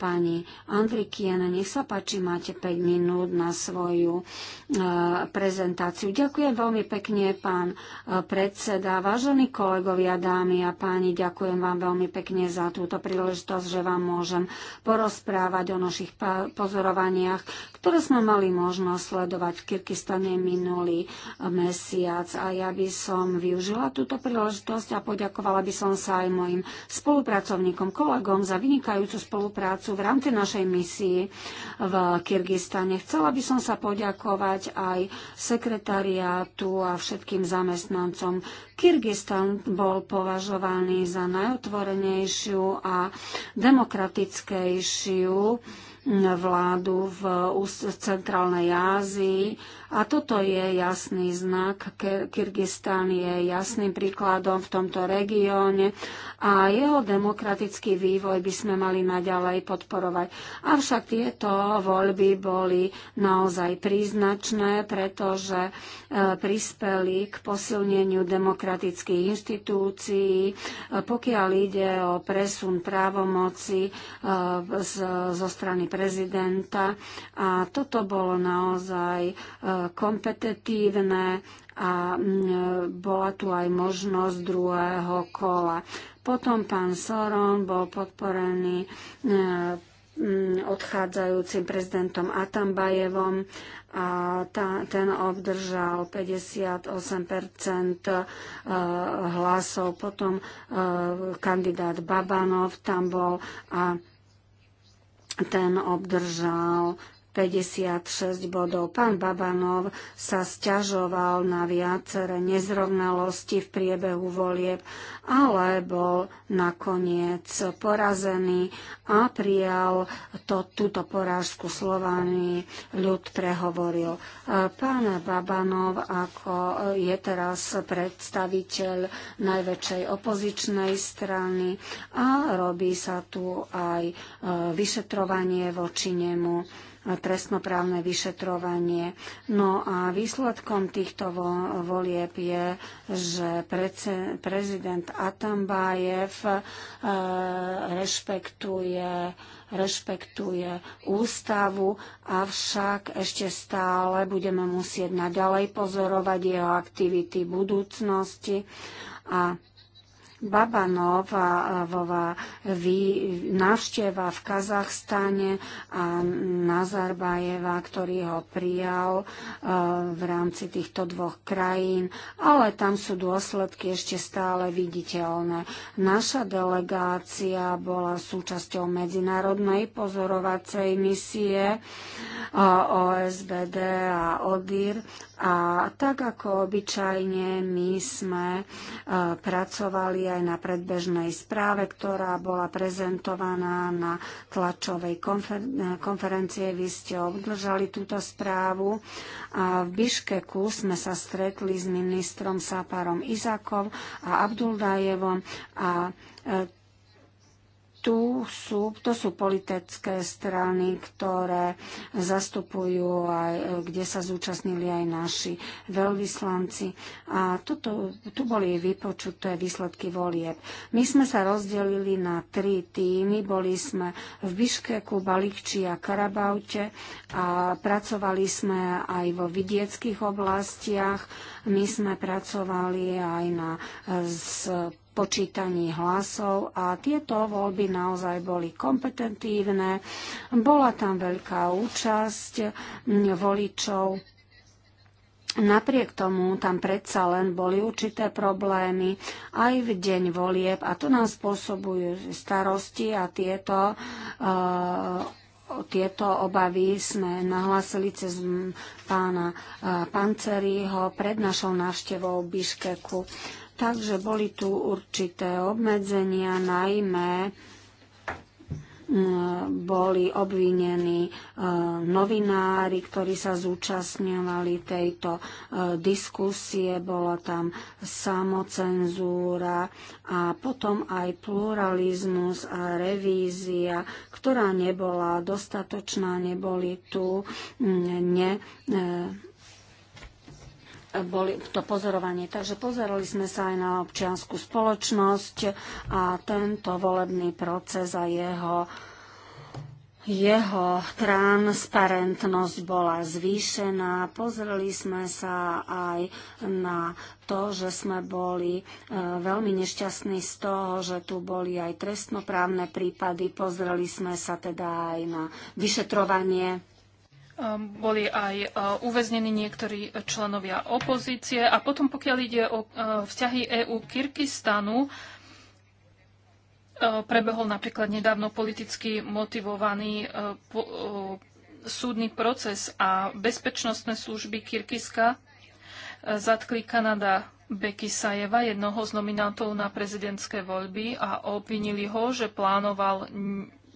Pani Andrikiana, nech sa páči, máte 5 minút na svoju e, prezentáciu. Ďakujem veľmi pekne, pán e, predseda. Vážení kolegovia, dámy a páni, ďakujem vám veľmi pekne za túto príležitosť, že vám môžem porozprávať o našich pozorovaniach ktoré sme mali možnosť sledovať v Kyrgyzstane minulý eh, mesiac. A ja by som využila túto príležitosť a poďakovala by som sa aj mojim spolupracovníkom, kolegom za vynikajúcu spoluprácu v rámci našej misii v Kyrgyzstane. Chcela by som sa poďakovať aj sekretariátu a všetkým zamestnancom. Kyrgyzstan bol považovaný za najotvorenejšiu a demokratickejšiu vládu v centrálnej Ázii a toto je jasný znak. Kyrgyzstan je jasným príkladom v tomto regióne a jeho demokratický vývoj by sme mali naďalej podporovať. Avšak tieto voľby boli naozaj príznačné, pretože e, prispeli k posilneniu demokratických inštitúcií, e, pokiaľ ide o presun právomoci e, zo strany prezidenta. A toto bolo naozaj kompetitívne a bola tu aj možnosť druhého kola. Potom pán Soron bol podporený e, odchádzajúcim prezidentom Atambajevom a ta, ten obdržal 58 e, hlasov. Potom e, kandidát Babanov tam bol a ten obdržal 56 bodov. Pán Babanov sa sťažoval na viaceré nezrovnalosti v priebehu volieb, ale bol nakoniec porazený a prijal to, túto porážku slovami ľud prehovoril. E, pán Babanov, ako je teraz predstaviteľ najväčšej opozičnej strany a robí sa tu aj e, vyšetrovanie voči nemu trestnoprávne vyšetrovanie. No a výsledkom týchto volieb je, že prezident Atambájev e, rešpektuje rešpektuje ústavu, avšak ešte stále budeme musieť naďalej pozorovať jeho aktivity budúcnosti a Babanovová návšteva v Kazachstane a Nazarbajeva, ktorý ho prijal e, v rámci týchto dvoch krajín, ale tam sú dôsledky ešte stále viditeľné. Naša delegácia bola súčasťou medzinárodnej pozorovacej misie e, OSBD a ODIR a tak ako obyčajne my sme e, pracovali aj na predbežnej správe, ktorá bola prezentovaná na tlačovej konfer- e, konferencie. Vy ste obdržali túto správu. A v Biškeku sme sa stretli s ministrom Saparom Izakom a Abduldajevom a e, tu sú, to sú politické strany, ktoré zastupujú aj, e, kde sa zúčastnili aj naši veľvyslanci. A toto, tu boli vypočuté výsledky volieb. My sme sa rozdelili na tri týmy. Boli sme v Biškeku, Balikči a Karabaute a pracovali sme aj vo vidieckých oblastiach. My sme pracovali aj na z e, počítaní hlasov a tieto voľby naozaj boli kompetentívne. Bola tam veľká účasť voličov. Napriek tomu tam predsa len boli určité problémy aj v deň volieb a to nám spôsobujú starosti a tieto uh, tieto obavy sme nahlásili cez pána eh, Panceriho pred našou návštevou Biškeku. Takže boli tu určité obmedzenia, najmä mm, boli obvinení e, novinári, ktorí sa zúčastňovali tejto e, diskusie, bola tam samocenzúra a potom aj pluralizmus a revízia, ktorá nebola dostatočná, neboli tu mm, ne, e, boli to pozorovanie. Takže pozerali sme sa aj na občianskú spoločnosť a tento volebný proces a jeho jeho transparentnosť bola zvýšená. Pozreli sme sa aj na to, že sme boli e, veľmi nešťastní z toho, že tu boli aj trestnoprávne prípady. Pozreli sme sa teda aj na vyšetrovanie Ehm, boli aj e, uväznení niektorí členovia opozície. A potom, pokiaľ ide o e, vzťahy EÚ Kyrgyzstanu, e, prebehol napríklad nedávno politicky motivovaný súdny proces a bezpečnostné služby Kyrgyzska zatkli Kanada Bekisajeva, jednoho z nominantov na prezidentské voľby a obvinili ho, že plánoval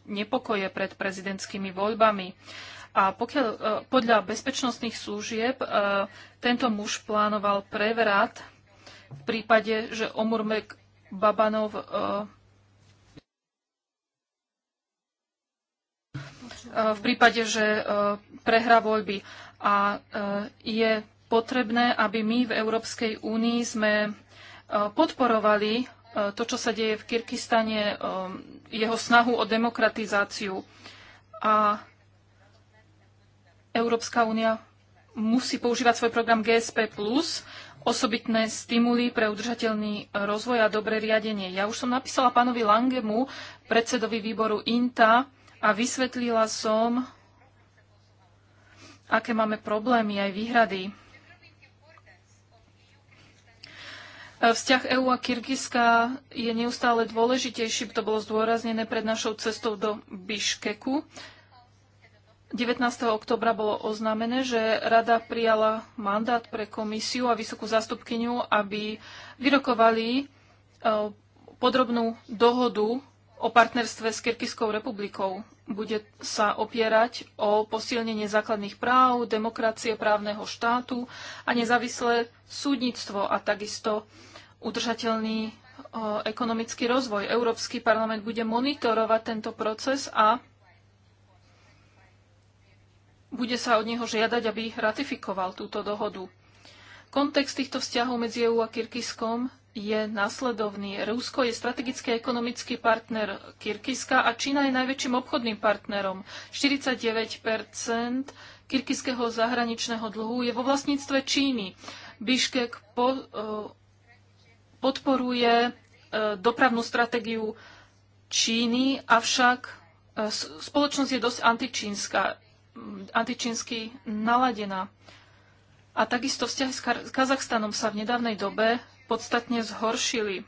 nepokoje pred prezidentskými voľbami. A pokiaľ, e, podľa bezpečnostných služieb e, tento muž plánoval prevrat v prípade, že Omurmek Babanov e, v prípade, že prehra voľby. A je potrebné, aby my v Európskej únii sme podporovali to, čo sa deje v Kyrkistane, jeho snahu o demokratizáciu. A Európska únia musí používať svoj program GSP+, osobitné stimuly pre udržateľný rozvoj a dobré riadenie. Ja už som napísala pánovi Langemu, predsedovi výboru INTA, a vysvetlila som, aké máme problémy aj výhrady. Vzťah EÚ a Kyrgyzska je neustále dôležitejší, to bolo zdôraznené pred našou cestou do Biškeku. 19. oktobra bolo oznámené, že rada prijala mandát pre komisiu a vysokú zástupkyňu, aby vyrokovali e, podrobnú dohodu o partnerstve s Kyrgyzskou republikou. Bude sa opierať o posilnenie základných práv, demokracie právneho štátu a nezávislé súdnictvo a takisto udržateľný e, ekonomický rozvoj. Európsky parlament bude monitorovať tento proces a bude sa od neho žiadať, aby ratifikoval túto dohodu. Kontext týchto vzťahov medzi EU a Kyrkyskom je následovný. Rusko je strategický ekonomický partner Kyrkyska a Čína je najväčším obchodným partnerom. 49 kyrkyského zahraničného dlhu je vo vlastníctve Číny. Biškek po, e, podporuje e, dopravnú stratégiu Číny, avšak e, spoločnosť je dosť antičínska antičínsky naladená. A takisto vzťahy s Kazachstanom sa v nedávnej dobe podstatne zhoršili.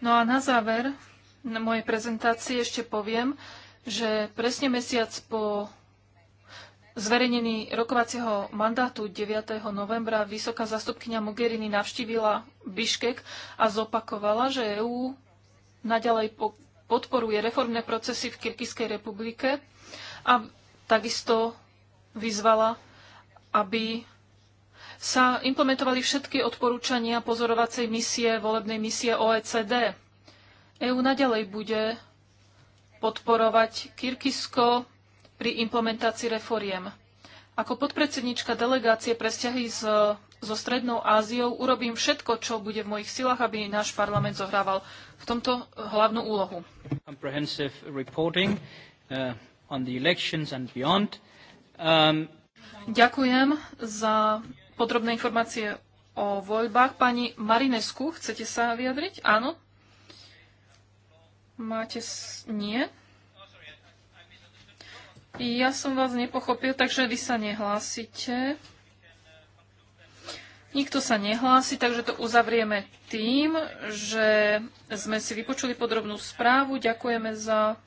No a na záver na mojej prezentácie ešte poviem, že presne mesiac po zverejnení rokovacieho mandátu 9. novembra vysoká zastupkynia Mogherini navštívila Biškek a zopakovala, že EÚ naďalej podporuje reformné procesy v Kyrgyzskej republike a takisto vyzvala, aby sa implementovali všetky odporúčania pozorovacej misie, volebnej misie OECD. EÚ naďalej bude podporovať Kyrgyzsko pri implementácii reforiem. Ako podpredsednička delegácie pre vzťahy s so Strednou Áziou, urobím všetko, čo bude v mojich silách, aby náš parlament zohrával v tomto hlavnú úlohu. Uh, um, Ďakujem za podrobné informácie o voľbách. Pani Marinesku, chcete sa vyjadriť? Áno? Máte... S... Nie? Ja som vás nepochopil, takže vy sa nehlásite. Nikto sa nehlási, takže to uzavrieme tým, že sme si vypočuli podrobnú správu. Ďakujeme za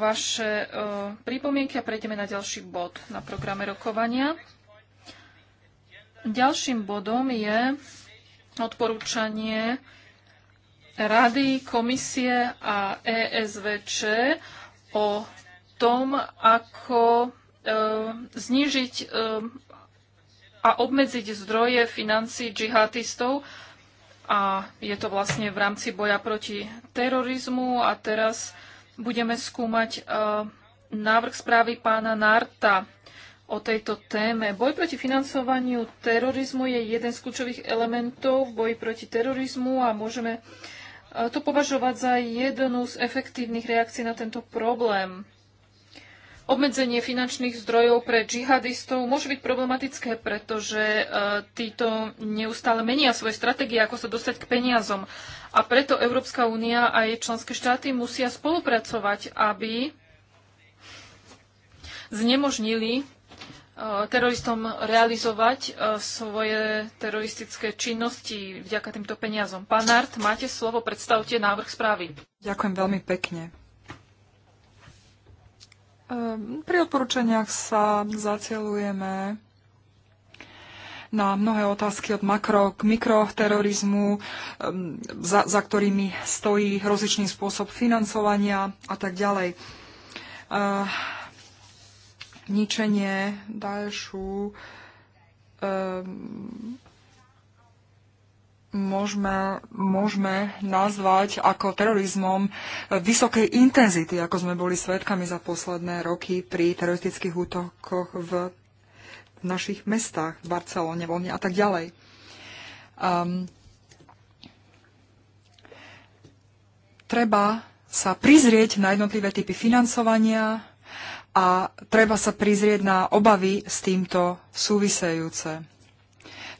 vaše prípomienky pripomienky a prejdeme na ďalší bod na programe rokovania. Ďalším bodom je odporúčanie Rady, komisie a ESVČ o tom, ako e, znížiť e, a obmedziť zdroje financí džihadistov. A je to vlastne v rámci boja proti terorizmu. A teraz budeme skúmať uh, návrh správy pána Narta o tejto téme. Boj proti financovaniu terorizmu je jeden z kľúčových elementov v boji proti terorizmu a môžeme e, to považovať za jednu z efektívnych reakcií na tento problém. Obmedzenie finančných zdrojov pre džihadistov môže byť problematické, pretože e, títo neustále menia svoje stratégie, ako sa dostať k peniazom. A preto Európska únia a jej členské štáty musia spolupracovať, aby znemožnili e, teroristom realizovať e, svoje teroristické činnosti vďaka týmto peniazom. Pán Art, máte slovo, predstavte návrh správy. Ďakujem veľmi pekne. Ehm, pri odporúčaniach sa zacielujeme na mnohé otázky od makro k mikroterorizmu, ehm, za, za ktorými stojí rozličný spôsob financovania a tak ďalej. Ehm, ničenie Daešu, môžeme, môžeme nazvať ako terorizmom vysokej intenzity, ako sme boli svedkami za posledné roky pri teroristických útokoch v našich mestách, v Barcelone, voľne a tak ďalej. Um, treba sa prizrieť na jednotlivé typy financovania a treba sa prizrieť na obavy s týmto súvisejúce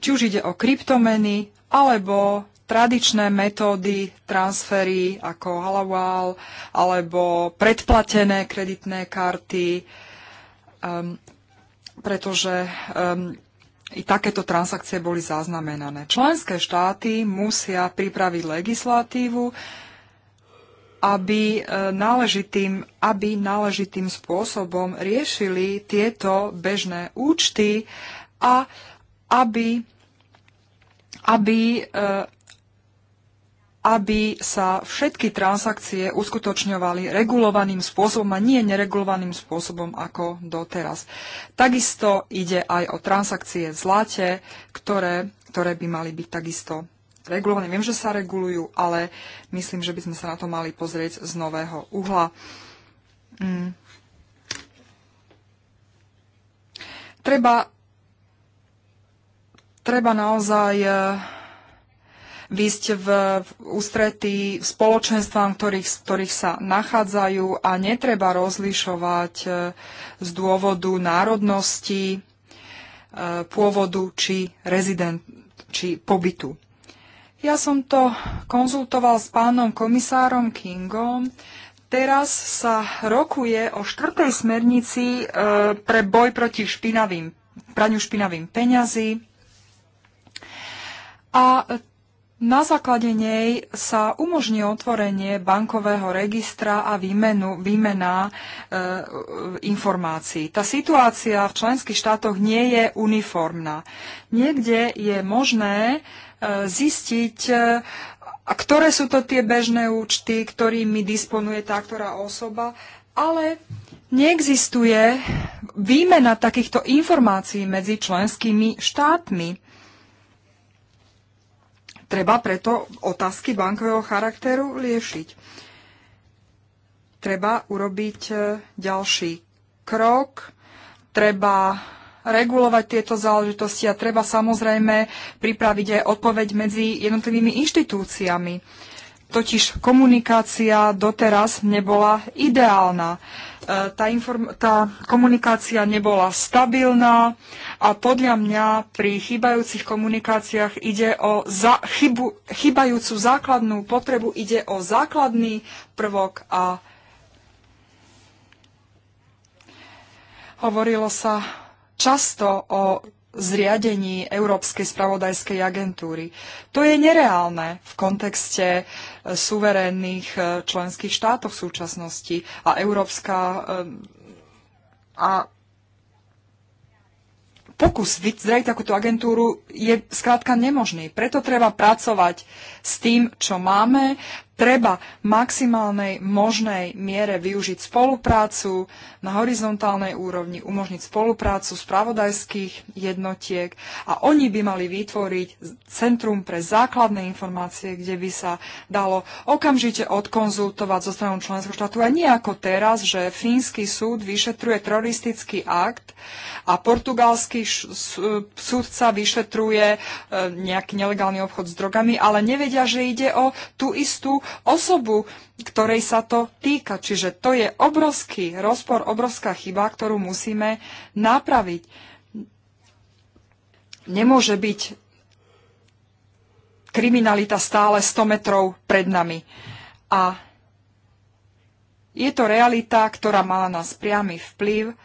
či už ide o kryptomeny alebo tradičné metódy transfery ako Halawal alebo predplatené kreditné karty, um, pretože um, i takéto transakcie boli zaznamenané. Členské štáty musia pripraviť legislatívu, aby e, náležitým, aby náležitým spôsobom riešili tieto bežné účty a aby aby e, aby sa všetky transakcie uskutočňovali regulovaným spôsobom a nie neregulovaným spôsobom ako doteraz. Takisto ide aj o transakcie v zlate, ktoré, ktoré by mali byť takisto regulované. Viem, že sa regulujú, ale myslím, že by sme sa na to mali pozrieť z nového uhla. Mm. Treba treba naozaj e, výsť v, v ústretí spoločenstvám, ktorých, ktorých sa nachádzajú a netreba rozlišovať e, z dôvodu národnosti, e, pôvodu či rezident, či pobytu. Ja som to konzultoval s pánom komisárom Kingom. Teraz sa rokuje o štvrtej smernici pre boj proti špinavým, praniu špinavým peňazí a na základe nej sa umožní otvorenie bankového registra a výmenu, výmena e, informácií. Tá situácia v členských štátoch nie je uniformná. Niekde je možné e, zistiť e, a ktoré sú to tie bežné účty, ktorými disponuje tá ktorá osoba, ale neexistuje výmena takýchto informácií medzi členskými štátmi. Treba preto otázky bankového charakteru riešiť. Treba urobiť e, ďalší krok, treba regulovať tieto záležitosti a treba samozrejme pripraviť aj odpoveď medzi jednotlivými inštitúciami Totiž komunikácia doteraz nebola ideálna. E, tá, inform- tá komunikácia nebola stabilná a podľa mňa pri chýbajúcich komunikáciách ide o za- chybu- chybajúcu základnú potrebu, ide o základný prvok a hovorilo sa často o zriadení Európskej spravodajskej agentúry. To je nereálne v kontexte suverénnych eh, členských štátov v súčasnosti a európska eh, a pokus vytvoriť takúto agentúru je skrátka nemožný. Preto treba pracovať s tým, čo máme, treba maximálnej možnej miere využiť spoluprácu na horizontálnej úrovni, umožniť spoluprácu spravodajských jednotiek a oni by mali vytvoriť centrum pre základné informácie, kde by sa dalo okamžite odkonzultovať zo stranou členského štátu a nie ako teraz, že fínsky súd vyšetruje teroristický akt a portugalský súdca vyšetruje e, nejaký nelegálny obchod s drogami, ale nevedia, že ide o tú istú osobu, ktorej sa to týka. Čiže to je obrovský rozpor, obrovská chyba, ktorú musíme napraviť. Nemôže byť kriminalita stále 100 metrov pred nami. A je to realita, ktorá mala nás priamy vplyv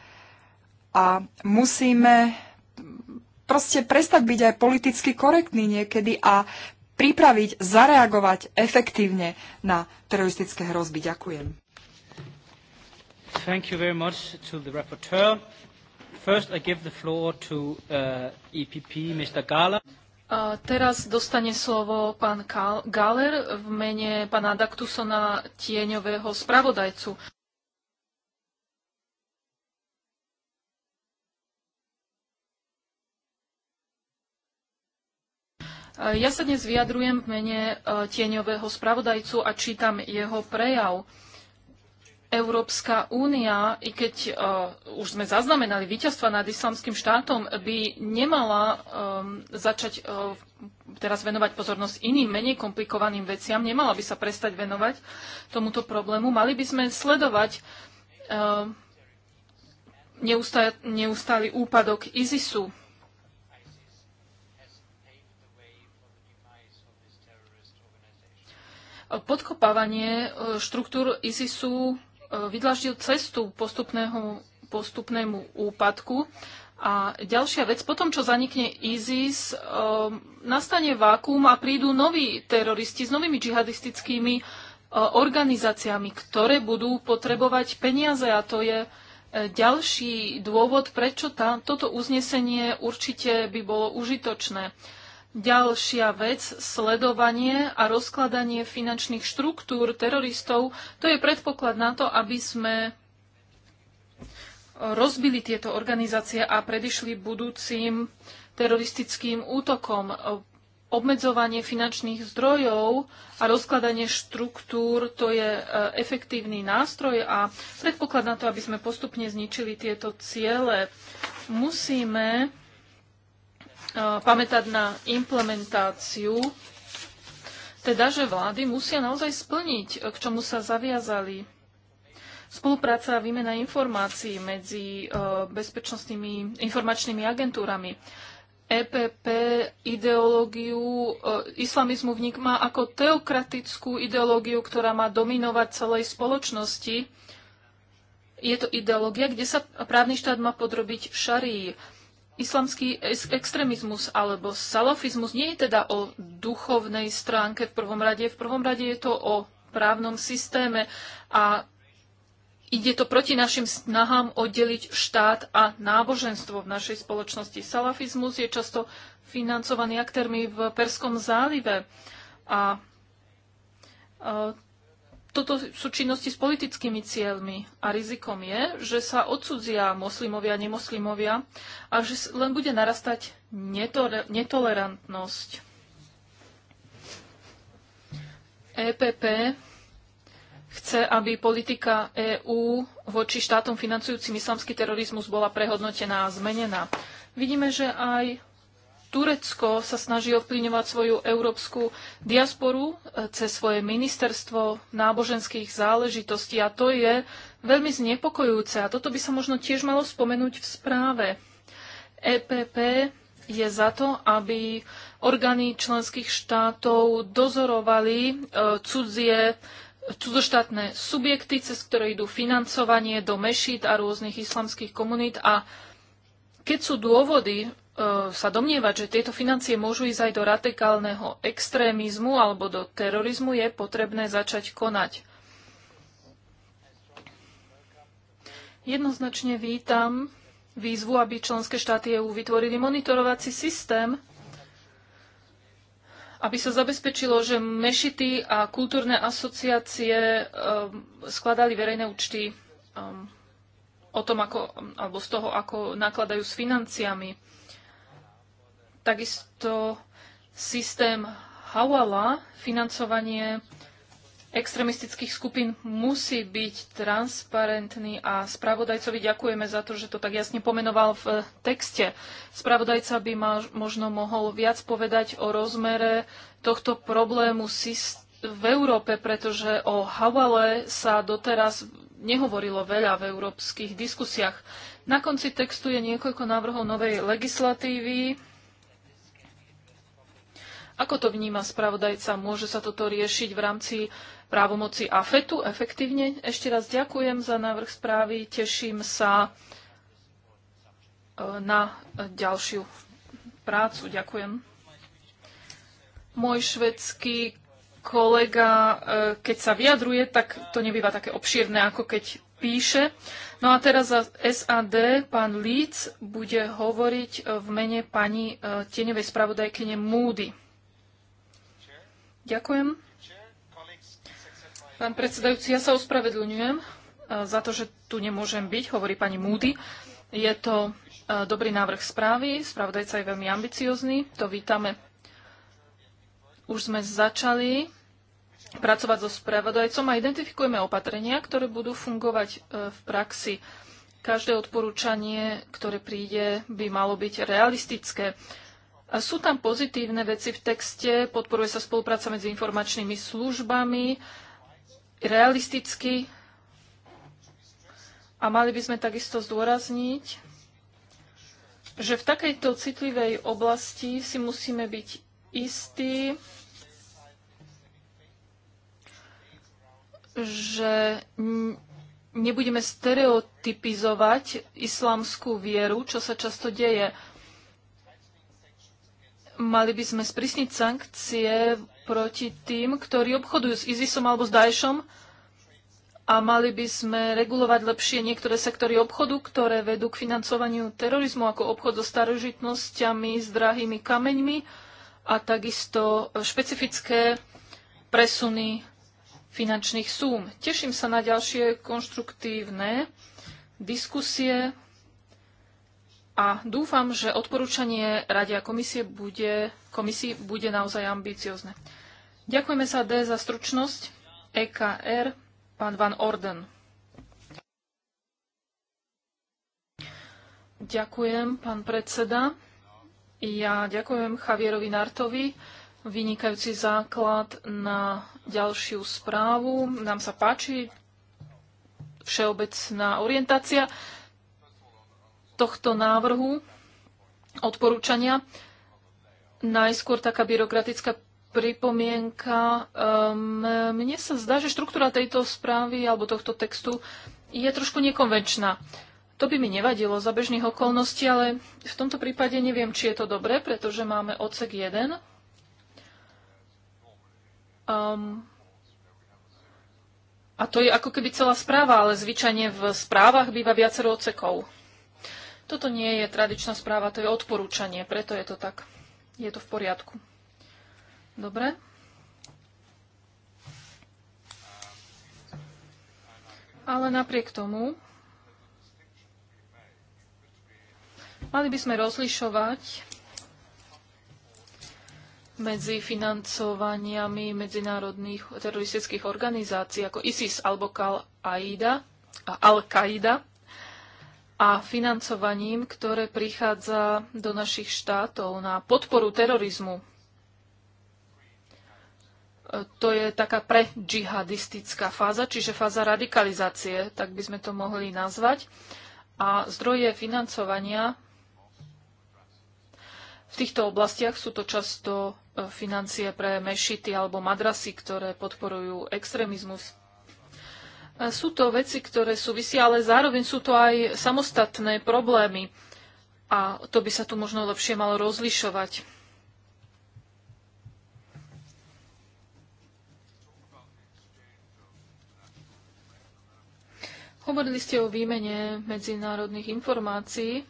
a musíme proste prestať byť aj politicky korektní niekedy a pripraviť, zareagovať efektívne na teroristické hrozby. Ďakujem. Thank you very much to the rapporteur. First I give the floor to uh, EPP, Mr. Gala. A teraz dostane slovo pán Galer v mene pana Daktusona, tieňového spravodajcu. Ja sa dnes vyjadrujem v mene e, tieňového spravodajcu a čítam jeho prejav. Európska únia, i keď uh, už sme zaznamenali víťazstva nad islamským štátom, by nemala um, začať uh, teraz venovať pozornosť iným, menej komplikovaným veciam, nemala by sa prestať venovať tomuto problému. Mali by sme sledovať uh, neustály úpadok ISISu, podkopávanie e, štruktúr ISISu e, vydlaždil cestu postupnému úpadku. A ďalšia vec, potom čo zanikne ISIS, e, nastane vákuum a prídu noví teroristi s novými džihadistickými organizáciami, ktoré budú potrebovať peniaze a to je ďalší dôvod, prečo tá, toto uznesenie určite by bolo užitočné. Ďalšia vec, sledovanie a rozkladanie finančných štruktúr teroristov, to je predpoklad na to, aby sme rozbili tieto organizácie a predišli budúcim teroristickým útokom. Obmedzovanie finančných zdrojov a rozkladanie štruktúr to je e, efektívny nástroj a predpoklad na to, aby sme postupne zničili tieto ciele. Musíme E, pamätať na implementáciu, teda že vlády musia naozaj splniť, e, k čomu sa zaviazali. Spolupráca a výmena informácií medzi e, bezpečnostnými informačnými agentúrami. EPP ideológiu islamizmu vníma ako teokratickú ideológiu, ktorá má dominovať celej spoločnosti. Je to ideológia, kde sa právny štát má podrobiť šarii islamský extrémizmus alebo salafizmus nie je teda o duchovnej stránke v prvom rade. V prvom rade je to o právnom systéme a ide to proti našim snahám oddeliť štát a náboženstvo v našej spoločnosti. Salafizmus je často financovaný aktérmi v Perskom zálive a e, toto sú činnosti s politickými cieľmi a rizikom je, že sa odsudzia moslimovia, nemoslimovia a že len bude narastať netore, netolerantnosť. EPP chce, aby politika EÚ voči štátom financujúcim islamský terorizmus bola prehodnotená a zmenená. Vidíme, že aj Turecko sa snaží ovplyvňovať svoju európsku diasporu e, cez svoje ministerstvo náboženských záležitostí a to je veľmi znepokojujúce a toto by sa možno tiež malo spomenúť v správe. EPP je za to, aby orgány členských štátov dozorovali e, cudzie cudzoštátne subjekty, cez ktoré idú financovanie do mešít a rôznych islamských komunít a keď sú dôvody, E, sa domnievať, že tieto financie môžu ísť aj do radikálneho extrémizmu alebo do terorizmu, je potrebné začať konať. Jednoznačne vítam výzvu, aby členské štáty EU vytvorili monitorovací systém, aby sa zabezpečilo, že mešity a kultúrne asociácie e, skladali verejné účty e, o tom, ako, alebo z toho, ako nakladajú s financiami. Takisto systém Hawala, financovanie extremistických skupín musí byť transparentný a spravodajcovi ďakujeme za to, že to tak jasne pomenoval v texte. Spravodajca by mal, možno mohol viac povedať o rozmere tohto problému v Európe, pretože o Havale sa doteraz nehovorilo veľa v európskych diskusiách. Na konci textu je niekoľko návrhov novej legislatívy, ako to vníma spravodajca? Môže sa toto riešiť v rámci právomoci AFETu efektívne? Ešte raz ďakujem za návrh správy. Teším sa e, na ďalšiu prácu. Ďakujem. Môj švedský kolega, e, keď sa vyjadruje, tak to nebýva také obšírne, ako keď píše. No a teraz za SAD pán Líc bude hovoriť v mene pani e, tieňovej spravodajkyne Moody. Ďakujem. Pán predsedajúci, ja sa ospravedlňujem e, za to, že tu nemôžem byť, hovorí pani Moody. Je to e, dobrý návrh správy, spravodajca je veľmi ambiciozný, to vítame. Už sme začali pracovať so spravodajcom a identifikujeme opatrenia, ktoré budú fungovať e, v praxi. Každé odporúčanie, ktoré príde, by malo byť realistické. Sú tam pozitívne veci v texte, podporuje sa spolupráca medzi informačnými službami, realisticky a mali by sme takisto zdôrazniť, že v takejto citlivej oblasti si musíme byť istí, že nebudeme stereotypizovať islamskú vieru, čo sa často deje. Mali by sme sprísniť sankcie proti tým, ktorí obchodujú s ISISom alebo s Dajšom a mali by sme regulovať lepšie niektoré sektory obchodu, ktoré vedú k financovaniu terorizmu, ako obchod so starožitnosťami, s drahými kameňmi a takisto špecifické presuny finančných súm. Teším sa na ďalšie konštruktívne diskusie a dúfam, že odporúčanie Radia komisie bude, komisii bude naozaj ambiciozne. Ďakujeme sa D za stručnosť. EKR, pán Van Orden. Ďakujem, pán predseda. Ja ďakujem Javierovi Nartovi. Vynikajúci základ na ďalšiu správu. Nám sa páči všeobecná orientácia tohto návrhu odporúčania. Najskôr taká byrokratická pripomienka. Ehm, mne sa zdá, že štruktúra tejto správy alebo tohto textu je trošku nekonvenčná. To by mi nevadilo za bežných okolností, ale v tomto prípade neviem, či je to dobré, pretože máme odsek 1. Um, ehm, a to je ako keby celá správa, ale zvyčajne v správach býva viacero odsekov. Toto nie je tradičná správa, to je odporúčanie, preto je to tak. Je to v poriadku. Dobre. Ale napriek tomu mali by sme rozlišovať medzi financovaniami medzinárodných teroristických organizácií ako ISIS alebo Al-Aida a Al-Qaida a financovaním, ktoré prichádza do našich štátov na podporu terorizmu. E, to je taká predžihadistická fáza, čiže fáza radikalizácie, tak by sme to mohli nazvať. A zdroje financovania v týchto oblastiach sú to často e, financie pre mešity alebo madrasy, ktoré podporujú extrémizmus. Sú to veci, ktoré súvisia, ale zároveň sú to aj samostatné problémy. A to by sa tu možno lepšie malo rozlišovať. Hovorili ste o výmene medzinárodných informácií.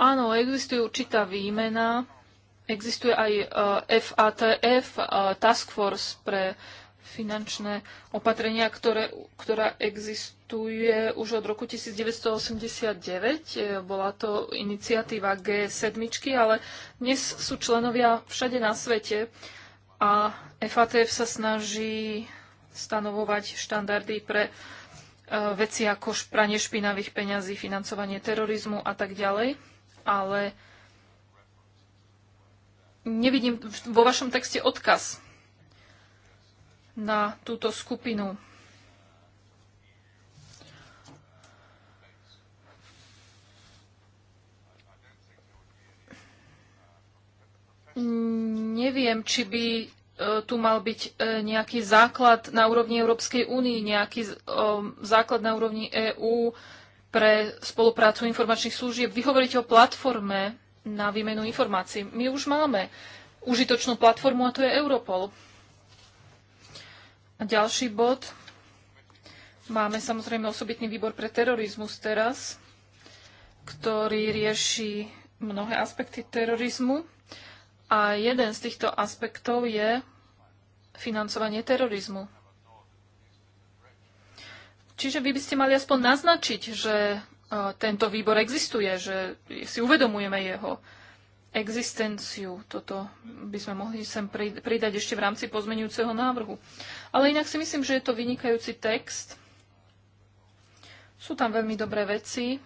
Áno, existuje určitá výmena. Existuje aj FATF, e, e, Task Force pre finančné opatrenia, ktoré, ktorá existuje už od roku 1989. E, bola to iniciatíva G7, ale dnes sú členovia všade na svete a FATF sa snaží stanovovať štandardy pre e, veci ako špranie špinavých peňazí, financovanie terorizmu a tak ďalej, ale nevidím vo vašom texte odkaz na túto skupinu. Neviem, či by e, tu mal byť e, nejaký základ na úrovni Európskej únie, nejaký e, základ na úrovni EÚ pre spoluprácu informačných služieb. Vy hovoríte o platforme na výmenu informácií. My už máme užitočnú platformu a to je Europol. Ďalší bod. Máme samozrejme osobitný výbor pre terorizmus teraz, ktorý rieši mnohé aspekty terorizmu. A jeden z týchto aspektov je financovanie terorizmu. Čiže vy by ste mali aspoň naznačiť, že e, tento výbor existuje, že si uvedomujeme jeho existenciu. Toto by sme mohli sem pridať ešte v rámci pozmenujúceho návrhu. Ale inak si myslím, že je to vynikajúci text. Sú tam veľmi dobré veci.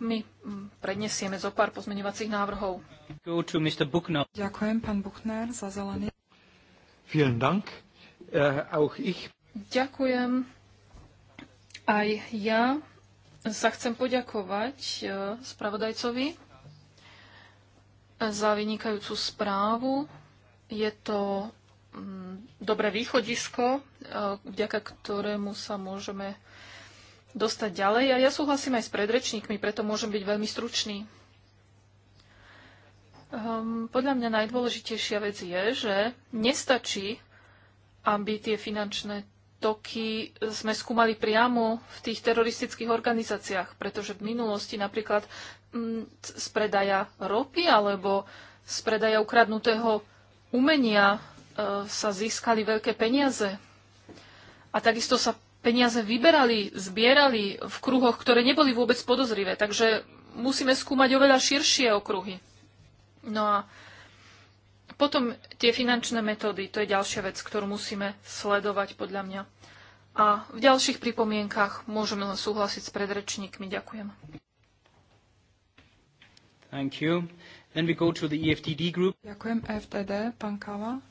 My mm, prednesieme zo pár pozmeňovacích návrhov. Ďakujem, pán Buchner, za zelený. Vielen Dank. Äh, auch ich. Ďakujem. Aj ja sa chcem poďakovať äh, spravodajcovi za vynikajúcu správu. Je to mm, dobré východisko, e, vďaka ktorému sa môžeme dostať ďalej. A ja súhlasím aj s predrečníkmi, preto môžem byť veľmi stručný. Um, podľa mňa najdôležitejšia vec je, že nestačí, aby tie finančné toky sme skúmali priamo v tých teroristických organizáciách, pretože v minulosti napríklad z predaja ropy alebo z predaja ukradnutého umenia e, sa získali veľké peniaze. A takisto sa peniaze vyberali, zbierali v kruhoch, ktoré neboli vôbec podozrivé. Takže musíme skúmať oveľa širšie okruhy. No a potom tie finančné metódy, to je ďalšia vec, ktorú musíme sledovať podľa mňa. A v ďalších pripomienkach môžeme len súhlasiť s predrečníkmi. Ďakujem. Thank you. Then we go to the EFTD group. Ďakujem e FTD, pán Kava.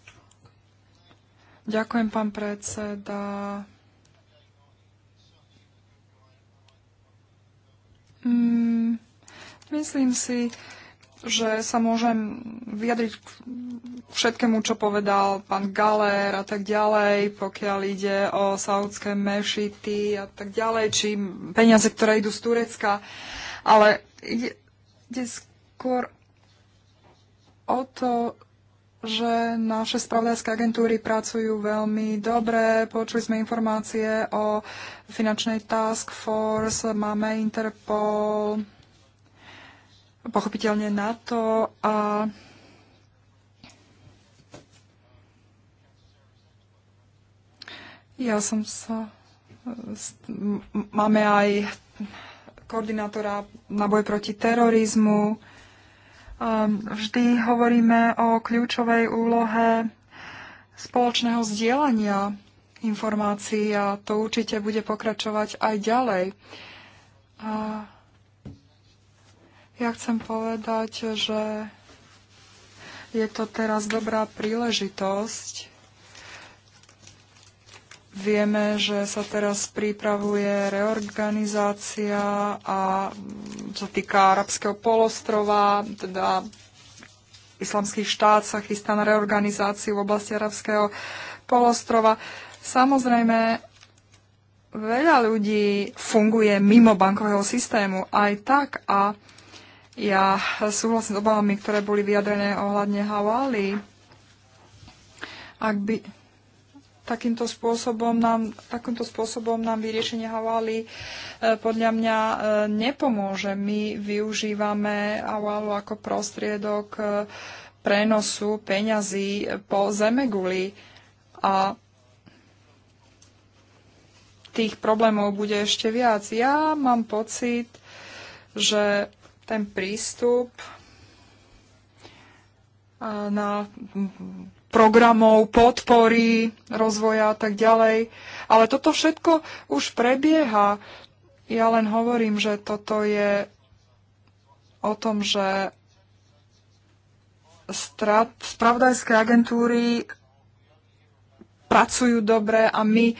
Ďakujem, pán predseda. Mm, myslím si, že sa môžem vyjadriť k všetkému, čo povedal pán Galer a tak ďalej, pokiaľ ide o saudské mešity a tak ďalej, či peniaze, ktoré idú z Turecka. Ale ide, ide skôr o to, že naše spravodajské agentúry pracujú veľmi dobre. Počuli sme informácie o finančnej task force, máme Interpol, pochopiteľne NATO a ja som sa... Máme aj koordinátora na boj proti terorizmu. Ehm, vždy hovoríme o kľúčovej úlohe spoločného zdieľania informácií a to určite bude pokračovať aj ďalej. A ja chcem povedať, že je to teraz dobrá príležitosť Vieme, že sa teraz pripravuje reorganizácia a čo týka arabského polostrova, teda islamský štát sa chystá na reorganizáciu v oblasti arabského polostrova. Samozrejme, veľa ľudí funguje mimo bankového systému aj tak a ja súhlasím s obavami, ktoré boli vyjadrené ohľadne Havali. Ak by, takýmto spôsobom nám, takýmto spôsobom nám vyriešenie havály e, podľa mňa e, nepomôže. My využívame haválu ako prostriedok e, prenosu peňazí po zemeguli a tých problémov bude ešte viac. Ja mám pocit, že ten prístup na programov, podpory, rozvoja a tak ďalej. Ale toto všetko už prebieha. Ja len hovorím, že toto je o tom, že strat, spravodajské agentúry pracujú dobre a my e,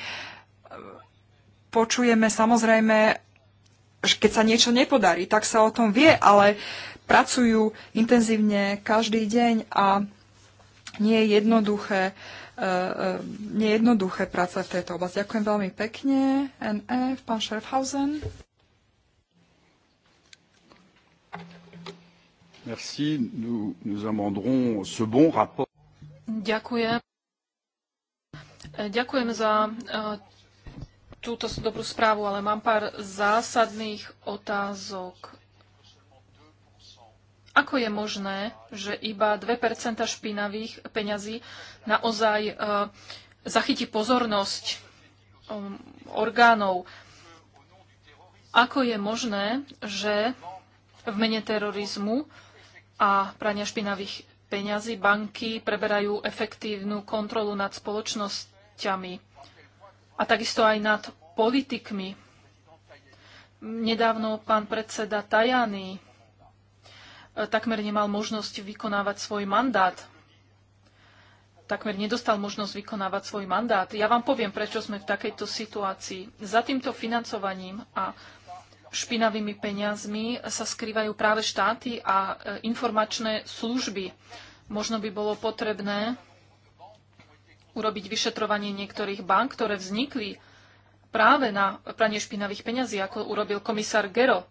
počujeme samozrejme, keď sa niečo nepodarí, tak sa o tom vie, ale pracujú intenzívne každý deň a nie je jednoduché, e, e, nie je jednoduché práca v tejto oblasti. Ďakujem veľmi pekne. NF, e, pán Schaffhausen. Merci. Nous, nous amenderons ce bon rapport. Ďakujem. Ďakujem za túto dobrú správu, ale mám pár zásadných otázok. Ako je možné, že iba 2% špinavých peňazí naozaj e, zachytí pozornosť e, orgánov? Ako je možné, že v mene terorizmu a prania špinavých peňazí banky preberajú efektívnu kontrolu nad spoločnosťami a takisto aj nad politikmi. Nedávno pán predseda Tajany E, takmer nemal možnosť vykonávať svoj mandát. Takmer nedostal možnosť vykonávať svoj mandát. Ja vám poviem, prečo sme v takejto situácii. Za týmto financovaním a špinavými peniazmi sa skrývajú práve štáty a e, informačné služby. Možno by bolo potrebné urobiť vyšetrovanie niektorých bank, ktoré vznikli práve na pranie špinavých peňazí, ako urobil komisár Gero.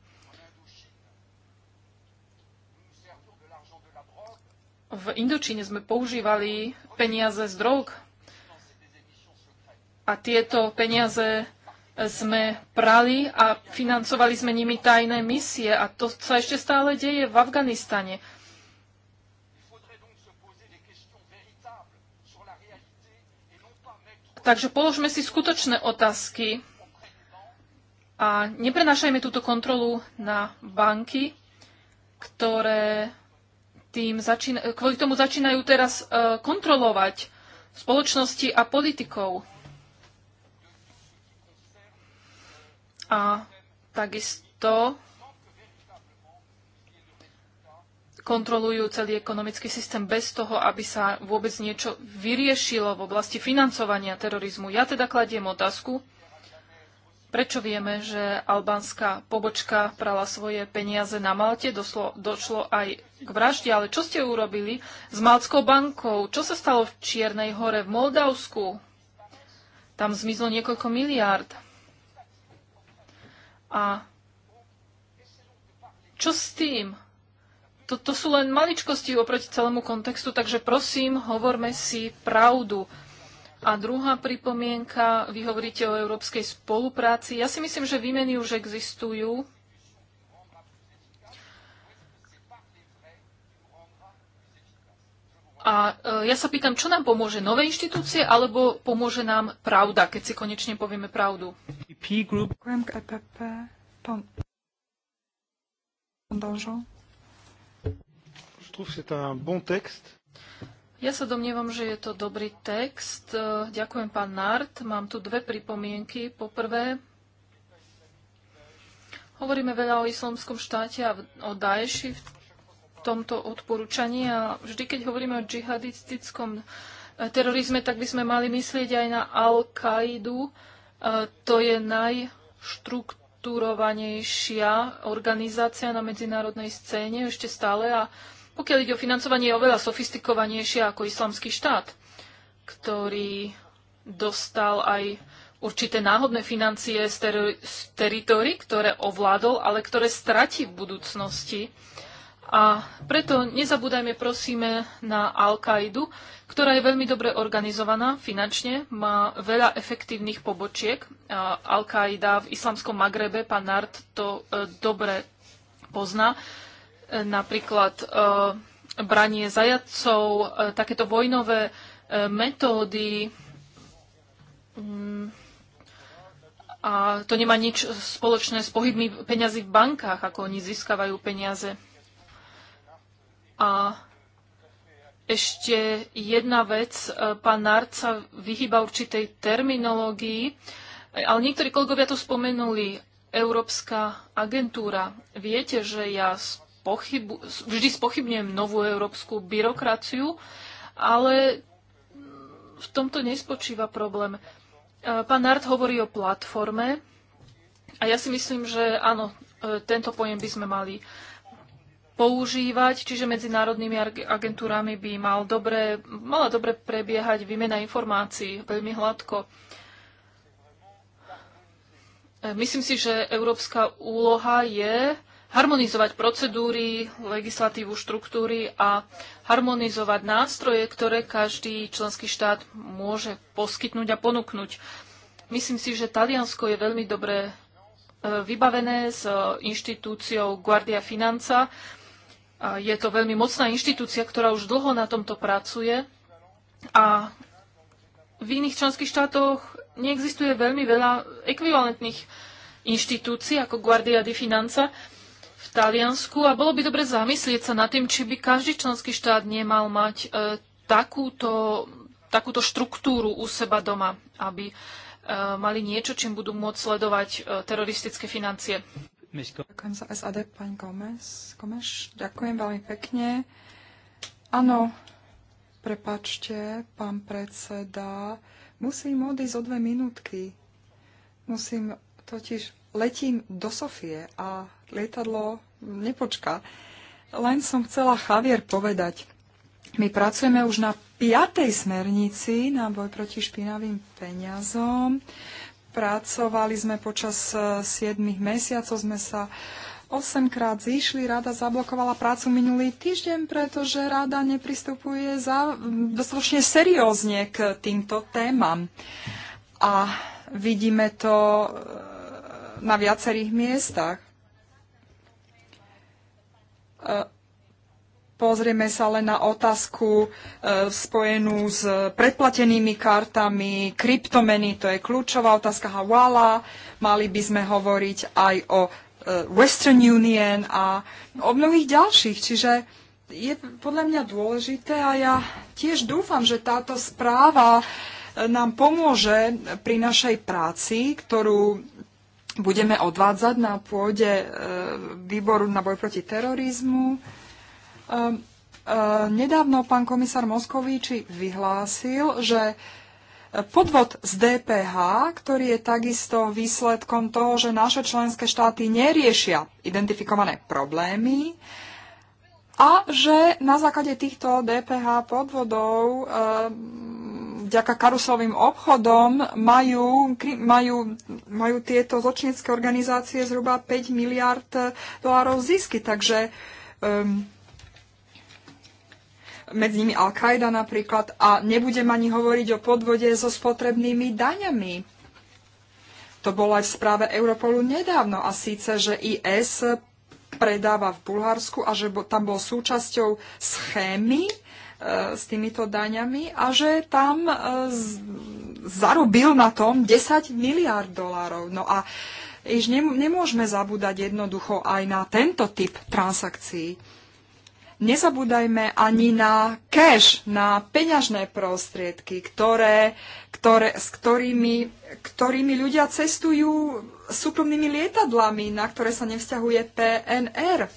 v Indočíne sme používali peniaze z drog a tieto peniaze sme prali a financovali sme nimi tajné misie a to sa ešte stále deje v Afganistane. Takže položme si skutočné otázky a neprenášajme túto kontrolu na banky, ktoré tým začína, kvôli tomu začínajú teraz e, kontrolovať spoločnosti a politikov. A takisto kontrolujú celý ekonomický systém bez toho, aby sa vôbec niečo vyriešilo v oblasti financovania terorizmu. Ja teda kladiem otázku, Prečo vieme, že albánska pobočka prala svoje peniaze na Malte? Doslo, došlo aj k vražde, ale čo ste urobili s Malckou bankou? Čo sa stalo v Čiernej hore v Moldavsku? Tam zmizlo niekoľko miliárd. A čo s tým? Toto sú len maličkosti oproti celému kontextu, takže prosím, hovorme si pravdu. A druhá pripomienka, vy hovoríte o európskej spolupráci. Ja si myslím, že výmeny už existujú. A e, ja sa pýtam, čo nám pomôže nové inštitúcie, alebo pomôže nám pravda, keď si konečne povieme pravdu. E Je to un bon texte. Ja sa domnievam, že je to dobrý text. E, ďakujem, pán Nart. Mám tu dve pripomienky. Poprvé, hovoríme veľa o islamskom štáte a o Daeši v tomto odporúčaní a vždy, keď hovoríme o džihadistickom e, terorizme, tak by sme mali myslieť aj na Al-Kaidu. E, to je najštruktúrovanejšia organizácia na medzinárodnej scéne ešte stále a pokiaľ ide o financovanie, je oveľa sofistikovanejšia ako islamský štát, ktorý dostal aj určité náhodné financie z, ter- z teritórií, ktoré ovládol, ale ktoré stratí v budúcnosti. A preto nezabúdajme prosíme na Al-Kaidu, ktorá je veľmi dobre organizovaná finančne, má veľa efektívnych pobočiek. Al-Qaida v islamskom Magrebe, pán Nart to e, dobre pozná napríklad e, branie zajadcov, e, takéto vojnové e, metódy. Mm, a to nemá nič spoločné s pohybmi peňazí v bankách, ako oni získavajú peniaze. A ešte jedna vec. Pán Narca vyhýba určitej terminológii, ale niektorí kolegovia to spomenuli. Európska agentúra. Viete, že ja spochybu, vždy spochybňujem novú európsku byrokraciu, ale v tomto nespočíva problém. E, pán Nart hovorí o platforme a ja si myslím, že áno, e, tento pojem by sme mali používať, čiže medzinárodnými agentúrami by mal dobre, mala dobre prebiehať výmena informácií veľmi hladko. E, myslím si, že európska úloha je harmonizovať procedúry, legislatívu, štruktúry a harmonizovať nástroje, ktoré každý členský štát môže poskytnúť a ponúknuť. Myslím si, že Taliansko je veľmi dobre e, vybavené s e, inštitúciou Guardia Finanza. E, je to veľmi mocná inštitúcia, ktorá už dlho na tomto pracuje a v iných členských štátoch neexistuje veľmi veľa ekvivalentných inštitúcií ako Guardia di Finanza v Taliansku a bolo by dobre zamyslieť sa nad tým, či by každý členský štát nemal mať e, takúto, takúto štruktúru u seba doma, aby e, mali niečo, čím budú môcť sledovať e, teroristické financie. Ďakujem za SAD, pani Gomez. Gomez. Ďakujem veľmi pekne. Áno, prepačte, pán predseda, musím odísť o dve minútky. Musím totiž letím do Sofie a lietadlo nepočká. Len som chcela Javier povedať. My pracujeme už na piatej smernici na boj proti špinavým peniazom. Pracovali sme počas 7 eh, mesiacov, sme sa 8 krát zišli, rada zablokovala prácu minulý týždeň, pretože rada nepristupuje za, hm, dostatočne seriózne k týmto témam. A vidíme to eh, na viacerých miestach. Pozrieme sa len na otázku e, spojenú s predplatenými kartami, kryptomeny, to je kľúčová otázka Hawala. Mali by sme hovoriť aj o e, Western Union a o mnohých ďalších. Čiže je podľa mňa dôležité a ja tiež dúfam, že táto správa e, nám pomôže pri našej práci, ktorú budeme odvádzať na pôde e, výboru na boj proti terorizmu. E, e, nedávno pán komisár Moskovíči vyhlásil, že Podvod z DPH, ktorý je takisto výsledkom toho, že naše členské štáty neriešia identifikované problémy a že na základe týchto DPH podvodov vďaka karuselovým obchodom majú, majú, majú tieto zločinecké organizácie zhruba 5 miliard dolárov zisky. Takže um, medzi nimi Al-Qaida napríklad a nebudem ani hovoriť o podvode so spotrebnými daňami. To bolo aj v správe Europolu nedávno a síce, že IS predáva v Bulharsku a že tam bol súčasťou schémy, E, s týmito daňami a že tam e, zarobil na tom 10 miliard dolárov. No a iž nemôžeme zabúdať jednoducho aj na tento typ transakcií. Nezabúdajme ani na cash, na peňažné prostriedky, ktoré, ktoré, s ktorými, ktorými ľudia cestujú súkromnými lietadlami, na ktoré sa nevzťahuje PNR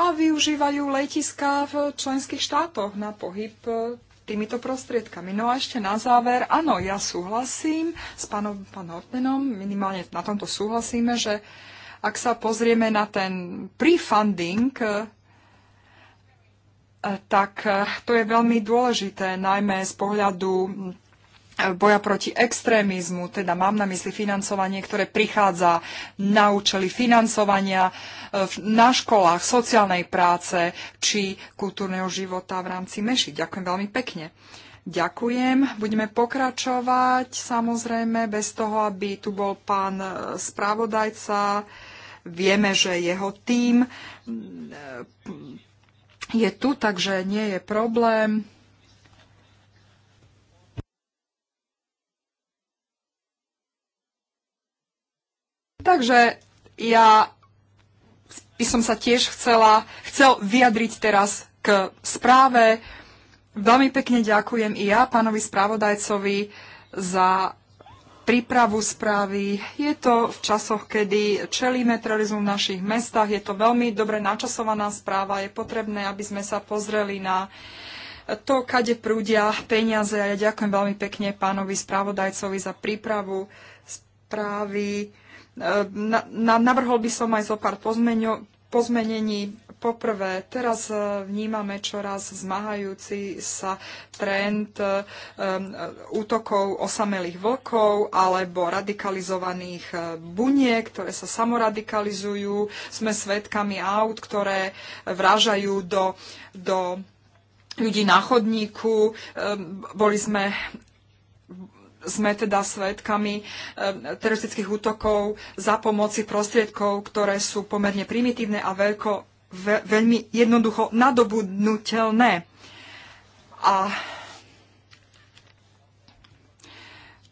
a využívajú letiska v členských štátoch na pohyb e, týmito prostriedkami. No a ešte na záver, áno, ja súhlasím s pánom, pán Hortenom, minimálne na tomto súhlasíme, že ak sa pozrieme na ten prefunding, e, e, tak to je veľmi dôležité, najmä z pohľadu boja proti extrémizmu, teda mám na mysli financovanie, ktoré prichádza na účely financovania e, na školách, sociálnej práce či kultúrneho života v rámci meši. Ďakujem veľmi pekne. Ďakujem. Budeme pokračovať samozrejme bez toho, aby tu bol pán e, spravodajca. Vieme, že jeho tým. E, je tu, takže nie je problém. Takže ja by som sa tiež chcela, chcel vyjadriť teraz k správe. Veľmi pekne ďakujem i ja pánovi správodajcovi za prípravu správy. Je to v časoch, kedy čelíme terorizmu v našich mestách. Je to veľmi dobre načasovaná správa. Je potrebné, aby sme sa pozreli na to, kade prúdia peniaze. A ja ďakujem veľmi pekne pánovi správodajcovi za prípravu správy navrhol by som aj zo pár pozmenení. Poprvé, teraz e, vnímame čoraz zmahajúci sa trend e, útokov osamelých vlkov alebo radikalizovaných e, buniek, ktoré sa samoradikalizujú. Sme svedkami aut, ktoré vražajú do, do ľudí na chodníku. boli sme sme teda svedkami eh, teroristických útokov za pomoci prostriedkov, ktoré sú pomerne primitívne a veľko, ve, veľmi jednoducho nadobudnutelné. A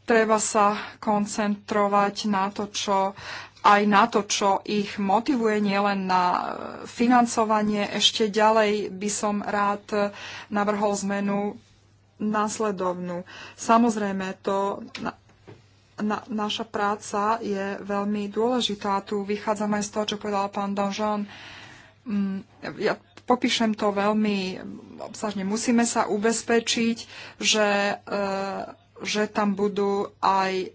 treba sa koncentrovať na to, čo aj na to, čo ich motivuje, nielen na eh, financovanie. Ešte ďalej by som rád eh, navrhol zmenu následovnú. Samozrejme, to na, na, naša práca je veľmi dôležitá. Tu vychádzame z toho, čo povedal pán Donžon. Mm, ja popíšem to veľmi obsažne. Musíme sa ubezpečiť, že, e, že tam budú aj e,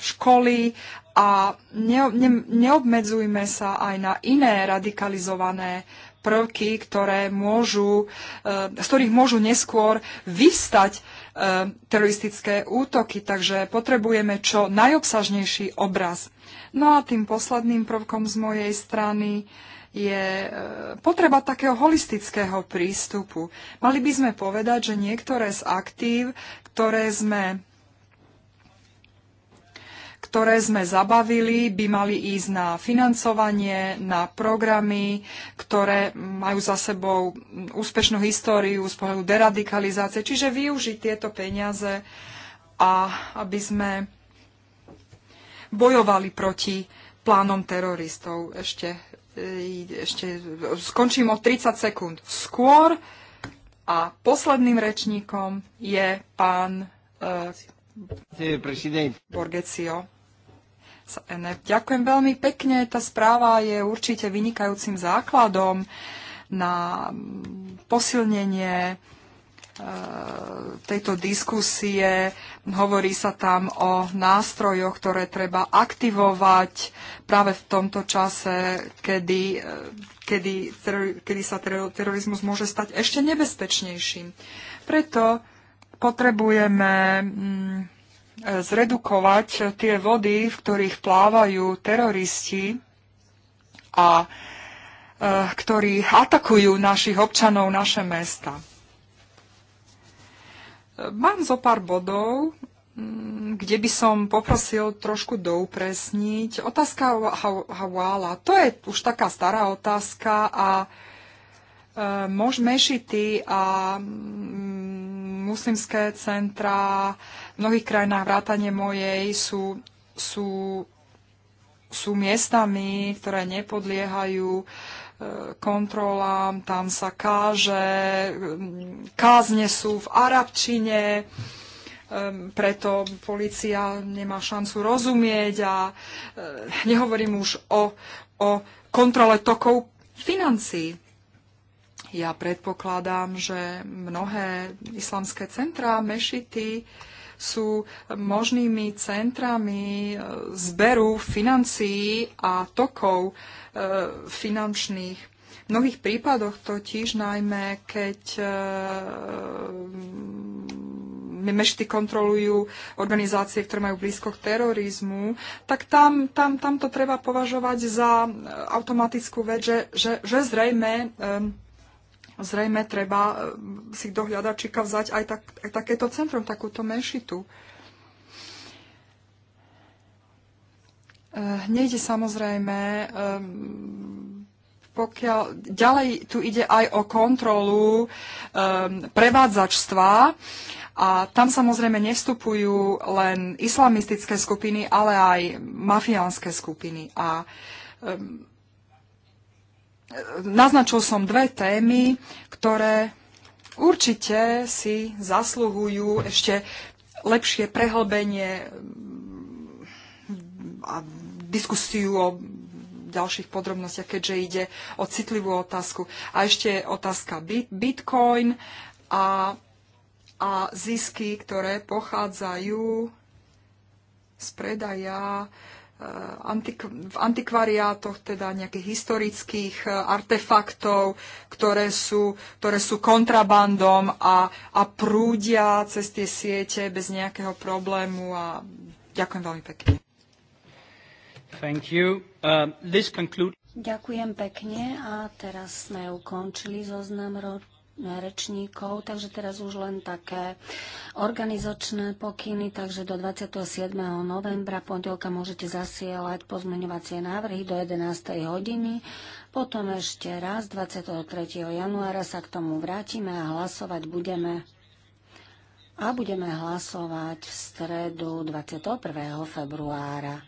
školy a ne, ne, neobmedzujme sa aj na iné radikalizované prvky, ktoré môžu, eh, z ktorých môžu neskôr vystať eh, teroristické útoky. Takže potrebujeme čo najobsažnejší obraz. No a tým posledným prvkom z mojej strany je eh, potreba takého holistického prístupu. Mali by sme povedať, že niektoré z aktív, ktoré sme ktoré sme zabavili, by mali ísť na financovanie, na programy, ktoré majú za sebou úspešnú históriu z pohľadu deradikalizácie, čiže využiť tieto peniaze a aby sme bojovali proti plánom teroristov. Ešte, e, ešte skončím o 30 sekúnd skôr a posledným rečníkom je pán e, Borgesio z NF. Ďakujem veľmi pekne. Tá správa je určite vynikajúcim základom na posilnenie e, tejto diskusie. Hovorí sa tam o nástrojoch, ktoré treba aktivovať práve v tomto čase, kedy, e, kedy, kedy sa terorizmus môže stať ešte nebezpečnejším. Preto potrebujeme mm, zredukovať tie vody, v ktorých plávajú teroristi a e, ktorí atakujú našich občanov, naše mesta. Mám zo pár bodov, mm, kde by som poprosil trošku doupresniť. Otázka Hawala, to je už taká stará otázka a Môž ehm, mešity a mm, muslimské centra v mnohých krajinách vrátane mojej sú, sú, sú miestami, ktoré nepodliehajú e, kontrolám, tam sa káže, mm, kázne sú v arabčine, ehm, preto policia nemá šancu rozumieť a e, nehovorím už o, o kontrole tokov financií. Ja predpokladám, že mnohé islamské centrá, mešity sú možnými centrami e, zberu financií a tokov e, finančných. V mnohých prípadoch totiž najmä, keď e, mešty kontrolujú organizácie, ktoré majú blízko k terorizmu, tak tam, tam, tam to treba považovať za automatickú vec, že, že, že zrejme um, zrejme treba e, si do hľadačíka vzať aj, tak, aj takéto centrum, takúto menšitu. E, nejde samozrejme, e, pokiaľ, ďalej tu ide aj o kontrolu prevádzačstva a tam samozrejme nestupujú len islamistické skupiny, ale aj mafiánske skupiny. A naznačil som dve témy, ktoré určite si zasluhujú ešte lepšie prehlbenie mm, a diskusiu o ďalších podrobnostiach, keďže ide o citlivú otázku. A ešte otázka Bitcoin a, a zisky, ktoré pochádzajú z predaja Eh, v antikvariátoch, teda nejakých historických eh, artefaktov, ktoré sú, ktoré sú kontrabandom a, a prúdia cez tie siete bez nejakého problému. A ďakujem veľmi pekne. Thank you. Uh, this conclude... Ďakujem pekne a teraz sme ukončili zoznam rod rečníkov, takže teraz už len také organizačné pokyny, takže do 27. novembra pondelka môžete zasielať pozmeňovacie návrhy do 11. hodiny. Potom ešte raz 23. januára sa k tomu vrátime a hlasovať budeme a budeme hlasovať v stredu 21. februára.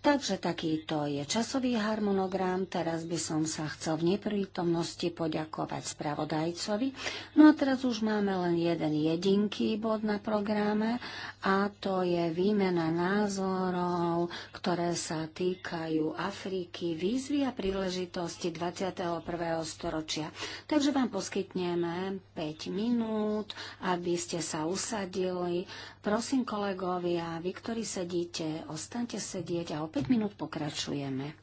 Takže takýto je časový harmonogram. Teraz by som sa chcel v neprítomnosti poďakovať spravodajcovi. No a teraz už máme len jeden jedinký bod na programe a to je výmena názorov, ktoré sa týkajú Afriky, výzvy a príležitosti 21. storočia. Takže vám poskytneme 5 minút, aby ste sa usadili. Prosím kolegovia, vy, ktorí sedíte, ostante sedieť a 5 minút pokračujeme.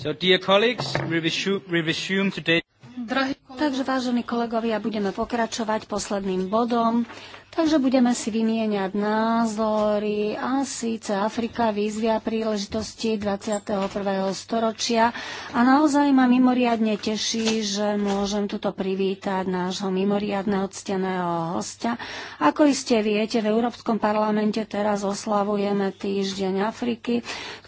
So, dear colleagues, we resume, we resume today. Takže vážení kolegovia, budeme pokračovať posledným bodom. Takže budeme si vymieňať názory a síce Afrika výzvia príležitosti 21. storočia. A naozaj ma mimoriadne teší, že môžem tuto privítať nášho mimoriadne odsteného hostia. Ako iste viete, v Európskom parlamente teraz oslavujeme týždeň Afriky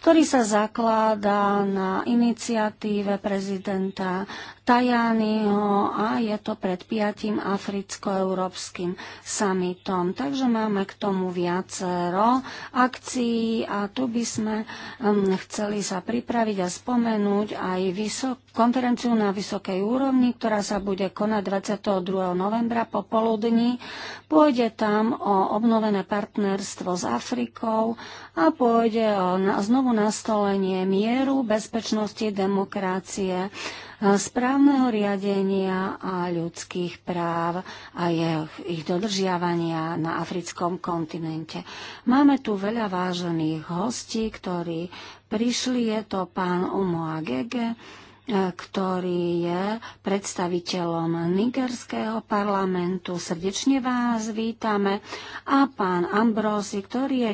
ktorý sa zaklada na iniciatíve prezidenta Tajányho a je to pred piatým africko-európskym summitom. Takže máme k tomu viacero akcií a tu by sme um, chceli sa pripraviť a spomenúť aj vysok, konferenciu na vysokej úrovni, ktorá sa bude konať 22. novembra popoludní. Pôjde tam o obnovené partnerstvo s Afrikou a pôjde o znovu nastolenie mieru, bezpečnosti, demokracie, e, správneho riadenia a ľudských práv a ich, ich dodržiavania na africkom kontinente. Máme tu veľa vážených hostí, ktorí prišli. Je to pán Umo Gege, E, ktorý je predstaviteľom nigerského parlamentu. Srdečne vás vítame. A pán Ambrosi, ktorý je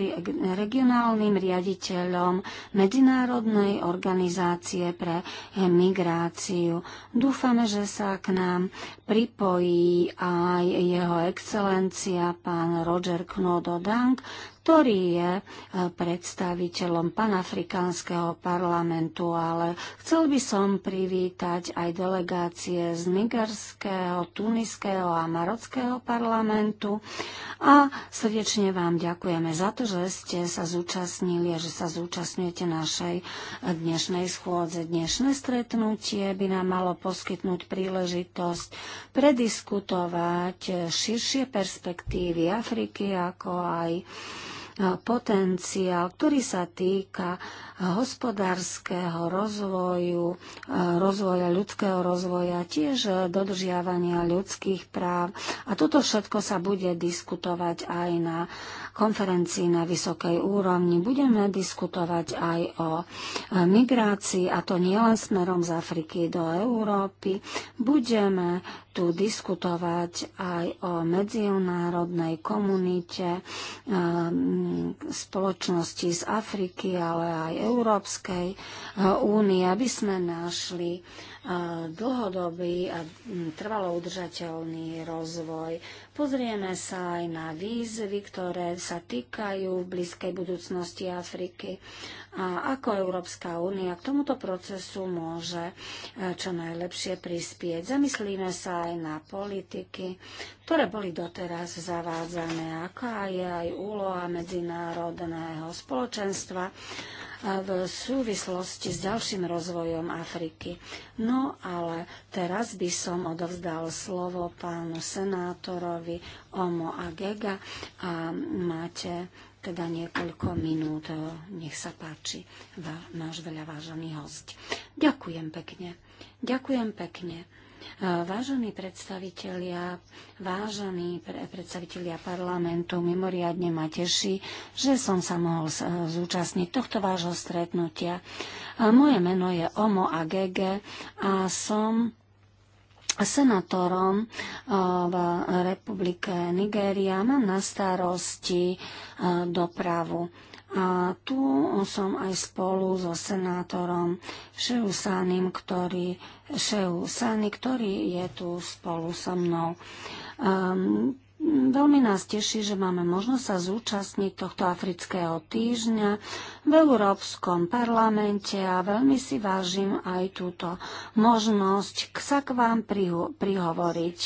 regionálnym riaditeľom Medzinárodnej organizácie pre migráciu. Dúfame, že sa k nám pripojí aj jeho excelencia pán Roger Knododank, ktorý je e, predstaviteľom panafrikánskeho parlamentu, ale chcel by som privítať aj delegácie z nigerského, tuniského a marockého parlamentu a srdečne vám ďakujeme za to, že ste sa zúčastnili a že sa zúčastňujete našej dnešnej schôdze. Dnešné stretnutie by nám malo poskytnúť príležitosť prediskutovať širšie perspektívy Afriky, ako aj potenciál, ktorý sa týka hospodárskeho rozvoju, rozvoja ľudského rozvoja, tiež dodržiavania ľudských práv. A toto všetko sa bude diskutovať aj na konferencii na vysokej úrovni budeme diskutovať aj o e, migrácii, a to nielen smerom z Afriky do Európy. Budeme tu diskutovať aj o medzinárodnej komunite e, spoločnosti z Afriky, ale aj Európskej e, únie, aby sme našli dlhodobý a mm, trvalo udržateľný rozvoj. Pozrieme sa aj na výzvy, ktoré sa týkajú v blízkej budúcnosti Afriky a ako Európska únia k tomuto procesu môže e, čo najlepšie prispieť. Zamyslíme sa aj na politiky, ktoré boli doteraz zavádzané, aká je aj úloha medzinárodného spoločenstva v súvislosti s ďalším rozvojom Afriky. No ale teraz by som odovzdal slovo pánu senátorovi Omo Agega a máte teda niekoľko minút. Nech sa páči, náš veľa vážený host. Ďakujem pekne. Ďakujem pekne. Vážení predstavitelia, vážení predstavitelia parlamentu, mimoriadne ma teší, že som sa mohol zúčastniť tohto vášho stretnutia. Moje meno je Omo Agege a som senátorom e, v Republike Nigéria. Mám na starosti e, dopravu. A tu som aj spolu so senátorom Šeusánim, ktorý, Šeusani, ktorý je tu spolu so mnou. Um, Veľmi nás teší, že máme možnosť sa zúčastniť tohto afrického týždňa v Európskom parlamente a veľmi si vážim aj túto možnosť sa k vám priho- prihovoriť.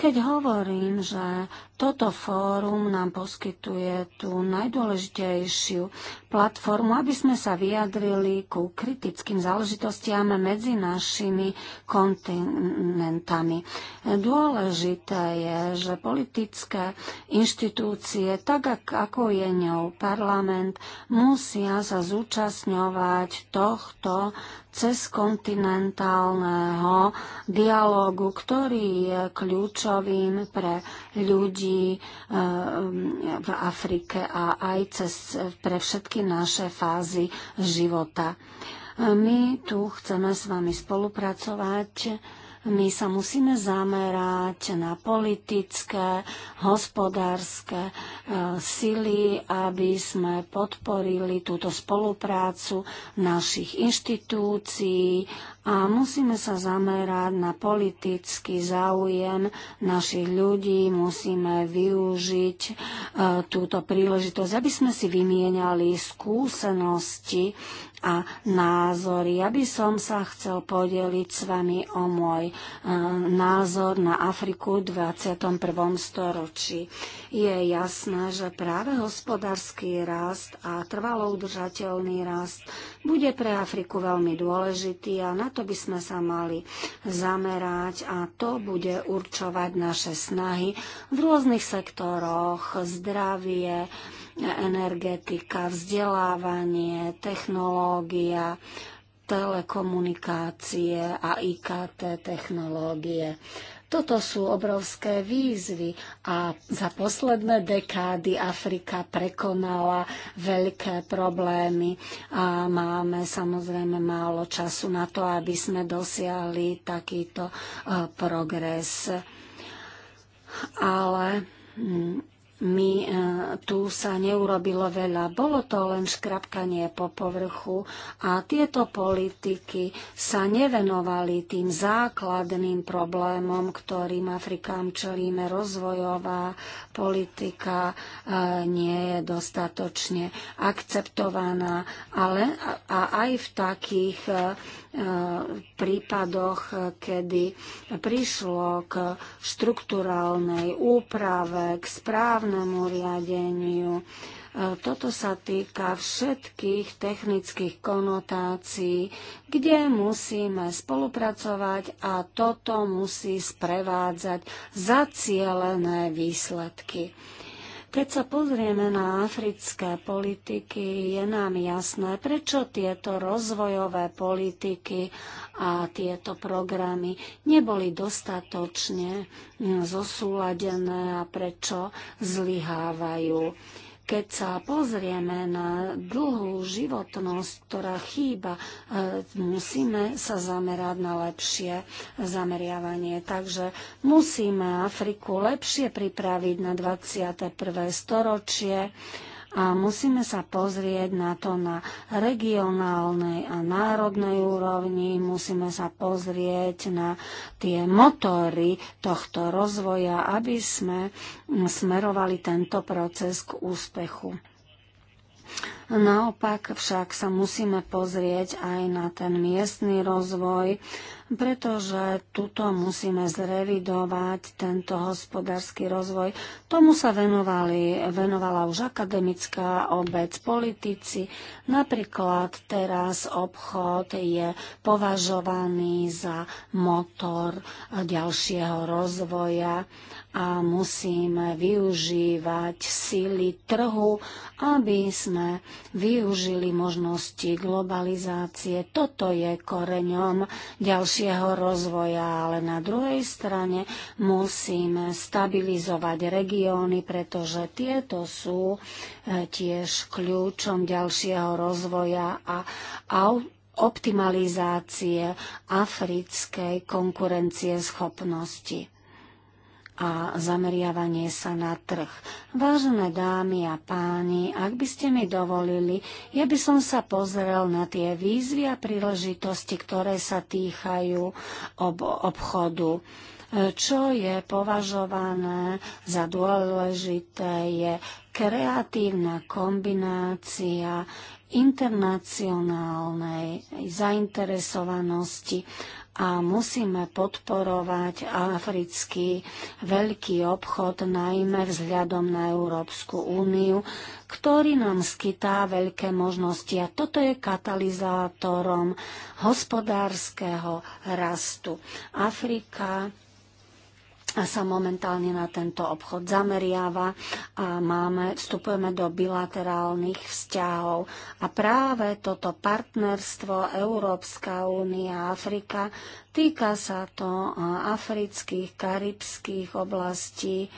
Keď hovorím, že toto fórum nám poskytuje tú najdôležitejšiu platformu, aby sme sa vyjadrili ku kritickým záležitostiam medzi našimi kontinentami. Dôležité je, že politické inštitúcie, tak ako je ňou parlament, musia sa zúčastňovať tohto cezkontinentálneho dialogu, ktorý je kľúčom kľúčovým pre ľudí eh, v Afrike a aj cez, pre všetky naše fázy života. My tu chceme s vami spolupracovať my sa musíme zamerať na politické, hospodárske e, sily, aby sme podporili túto spoluprácu našich inštitúcií a musíme sa zamerať na politický záujem našich ľudí, musíme využiť e, túto príležitosť, aby sme si vymieniali skúsenosti a názory. Ja by som sa chcel podeliť s vami o môj e, názor na Afriku v 21. storočí. Je jasné, že práve hospodársky rast a trvalo udržateľný rast bude pre Afriku veľmi dôležitý a na to by sme sa mali zamerať a to bude určovať naše snahy v rôznych sektoroch, zdravie, energetika, vzdelávanie, technológia, telekomunikácie a IKT technológie. Toto sú obrovské výzvy a za posledné dekády Afrika prekonala veľké problémy a máme samozrejme málo času na to, aby sme dosiahli takýto eh, progres. Ale hm, my e, tu sa neurobilo veľa. Bolo to len škrapkanie po povrchu a tieto politiky sa nevenovali tým základným problémom, ktorým Afrikám čelíme. Rozvojová politika e, nie je dostatočne akceptovaná, ale a aj v takých e, prípadoch, kedy prišlo k štruktúralnej úprave, k správnemu riadeniu. Toto sa týka všetkých technických konotácií, kde musíme spolupracovať a toto musí sprevádzať zacielené výsledky. Keď sa pozrieme na africké politiky, je nám jasné, prečo tieto rozvojové politiky a tieto programy neboli dostatočne mm, zosúladené a prečo zlyhávajú. Keď sa pozrieme na dlhú životnosť, ktorá chýba, e, musíme sa zamerať na lepšie zameriavanie. Takže musíme Afriku lepšie pripraviť na 21. storočie a musíme sa pozrieť na to na regionálnej a národnej úrovni, musíme sa pozrieť na tie motory tohto rozvoja, aby sme smerovali tento proces k úspechu. Naopak však sa musíme pozrieť aj na ten miestny rozvoj, pretože tuto musíme zrevidovať tento hospodársky rozvoj. Tomu sa venovali, venovala už akademická obec, politici. Napríklad teraz obchod je považovaný za motor ďalšieho rozvoja a musíme využívať síly trhu, aby sme využili možnosti globalizácie. Toto je koreňom ďalšieho rozvoja, ale na druhej strane musíme stabilizovať regióny, pretože tieto sú eh, tiež kľúčom ďalšieho rozvoja a optimalizácie africkej konkurencie schopnosti a zameriavanie sa na trh. Vážené dámy a páni, ak by ste mi dovolili, ja by som sa pozrel na tie výzvy a príležitosti, ktoré sa týkajú ob- obchodu čo je považované za dôležité, je kreatívna kombinácia internacionálnej zainteresovanosti a musíme podporovať africký veľký obchod, najmä vzhľadom na Európsku úniu, ktorý nám skytá veľké možnosti a toto je katalizátorom hospodárskeho rastu. Afrika sa momentálne na tento obchod zameriava a máme, vstupujeme do bilaterálnych vzťahov. A práve toto partnerstvo Európska únia Afrika týka sa to afrických, karibských oblastí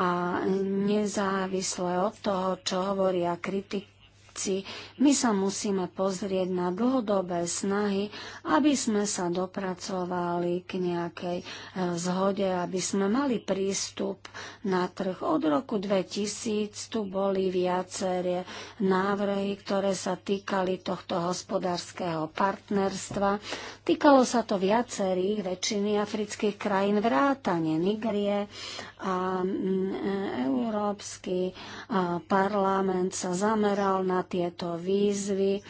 a nezávisle od toho, čo hovoria kritik, obci, My sa musíme pozrieť na dlhodobé snahy, aby sme sa dopracovali k nejakej e, zhode, aby sme mali prístup na trh. Od roku 2000 tu boli viaceré návrhy, ktoré sa týkali tohto hospodárskeho partnerstva. Týkalo sa to viacerých väčšiny afrických krajín vrátane Nigrie a mm, e, Európsky e, parlament sa zameral na tieto výzvy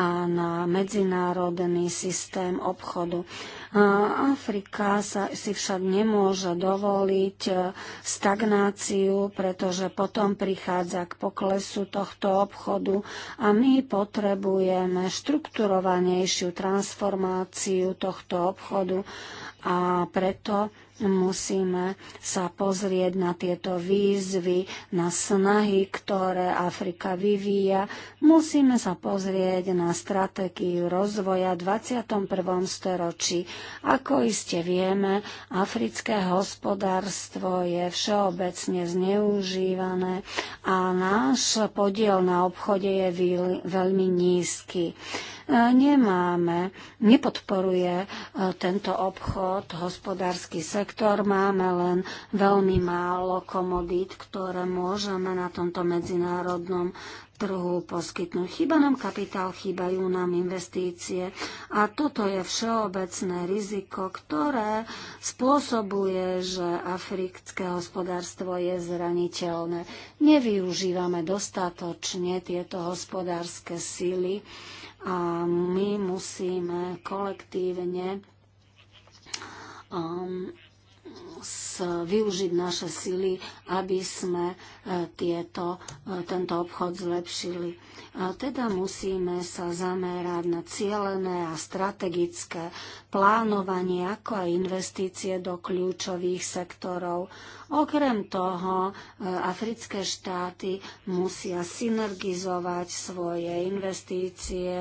a na medzinárodný systém obchodu. Afrika sa, si však nemôže dovoliť e, stagnáciu, pretože potom prichádza k poklesu tohto obchodu a my potrebujeme štrukturovanejšiu transformáciu tohto obchodu a preto Musíme sa pozrieť na tieto výzvy, na snahy, ktoré Afrika vyvíja. Musíme sa pozrieť na stratégiu rozvoja v 21. storočí. Ako iste vieme, africké hospodárstvo je všeobecne zneužívané a náš podiel na obchode je veľmi nízky e, nemáme, nepodporuje e, tento obchod hospodársky sektor sektor. Máme len veľmi málo komodít, ktoré môžeme na tomto medzinárodnom trhu poskytnúť. Chýba nám kapitál, chýbajú nám investície a toto je všeobecné riziko, ktoré spôsobuje, že africké hospodárstvo je zraniteľné. Nevyužívame dostatočne tieto hospodárske síly a my musíme kolektívne um, využiť naše sily, aby sme e, tieto, e, tento obchod zlepšili. Teda musíme sa zamerať na cielené a strategické plánovanie, ako aj investície do kľúčových sektorov. Okrem toho, e, africké štáty musia synergizovať svoje investície,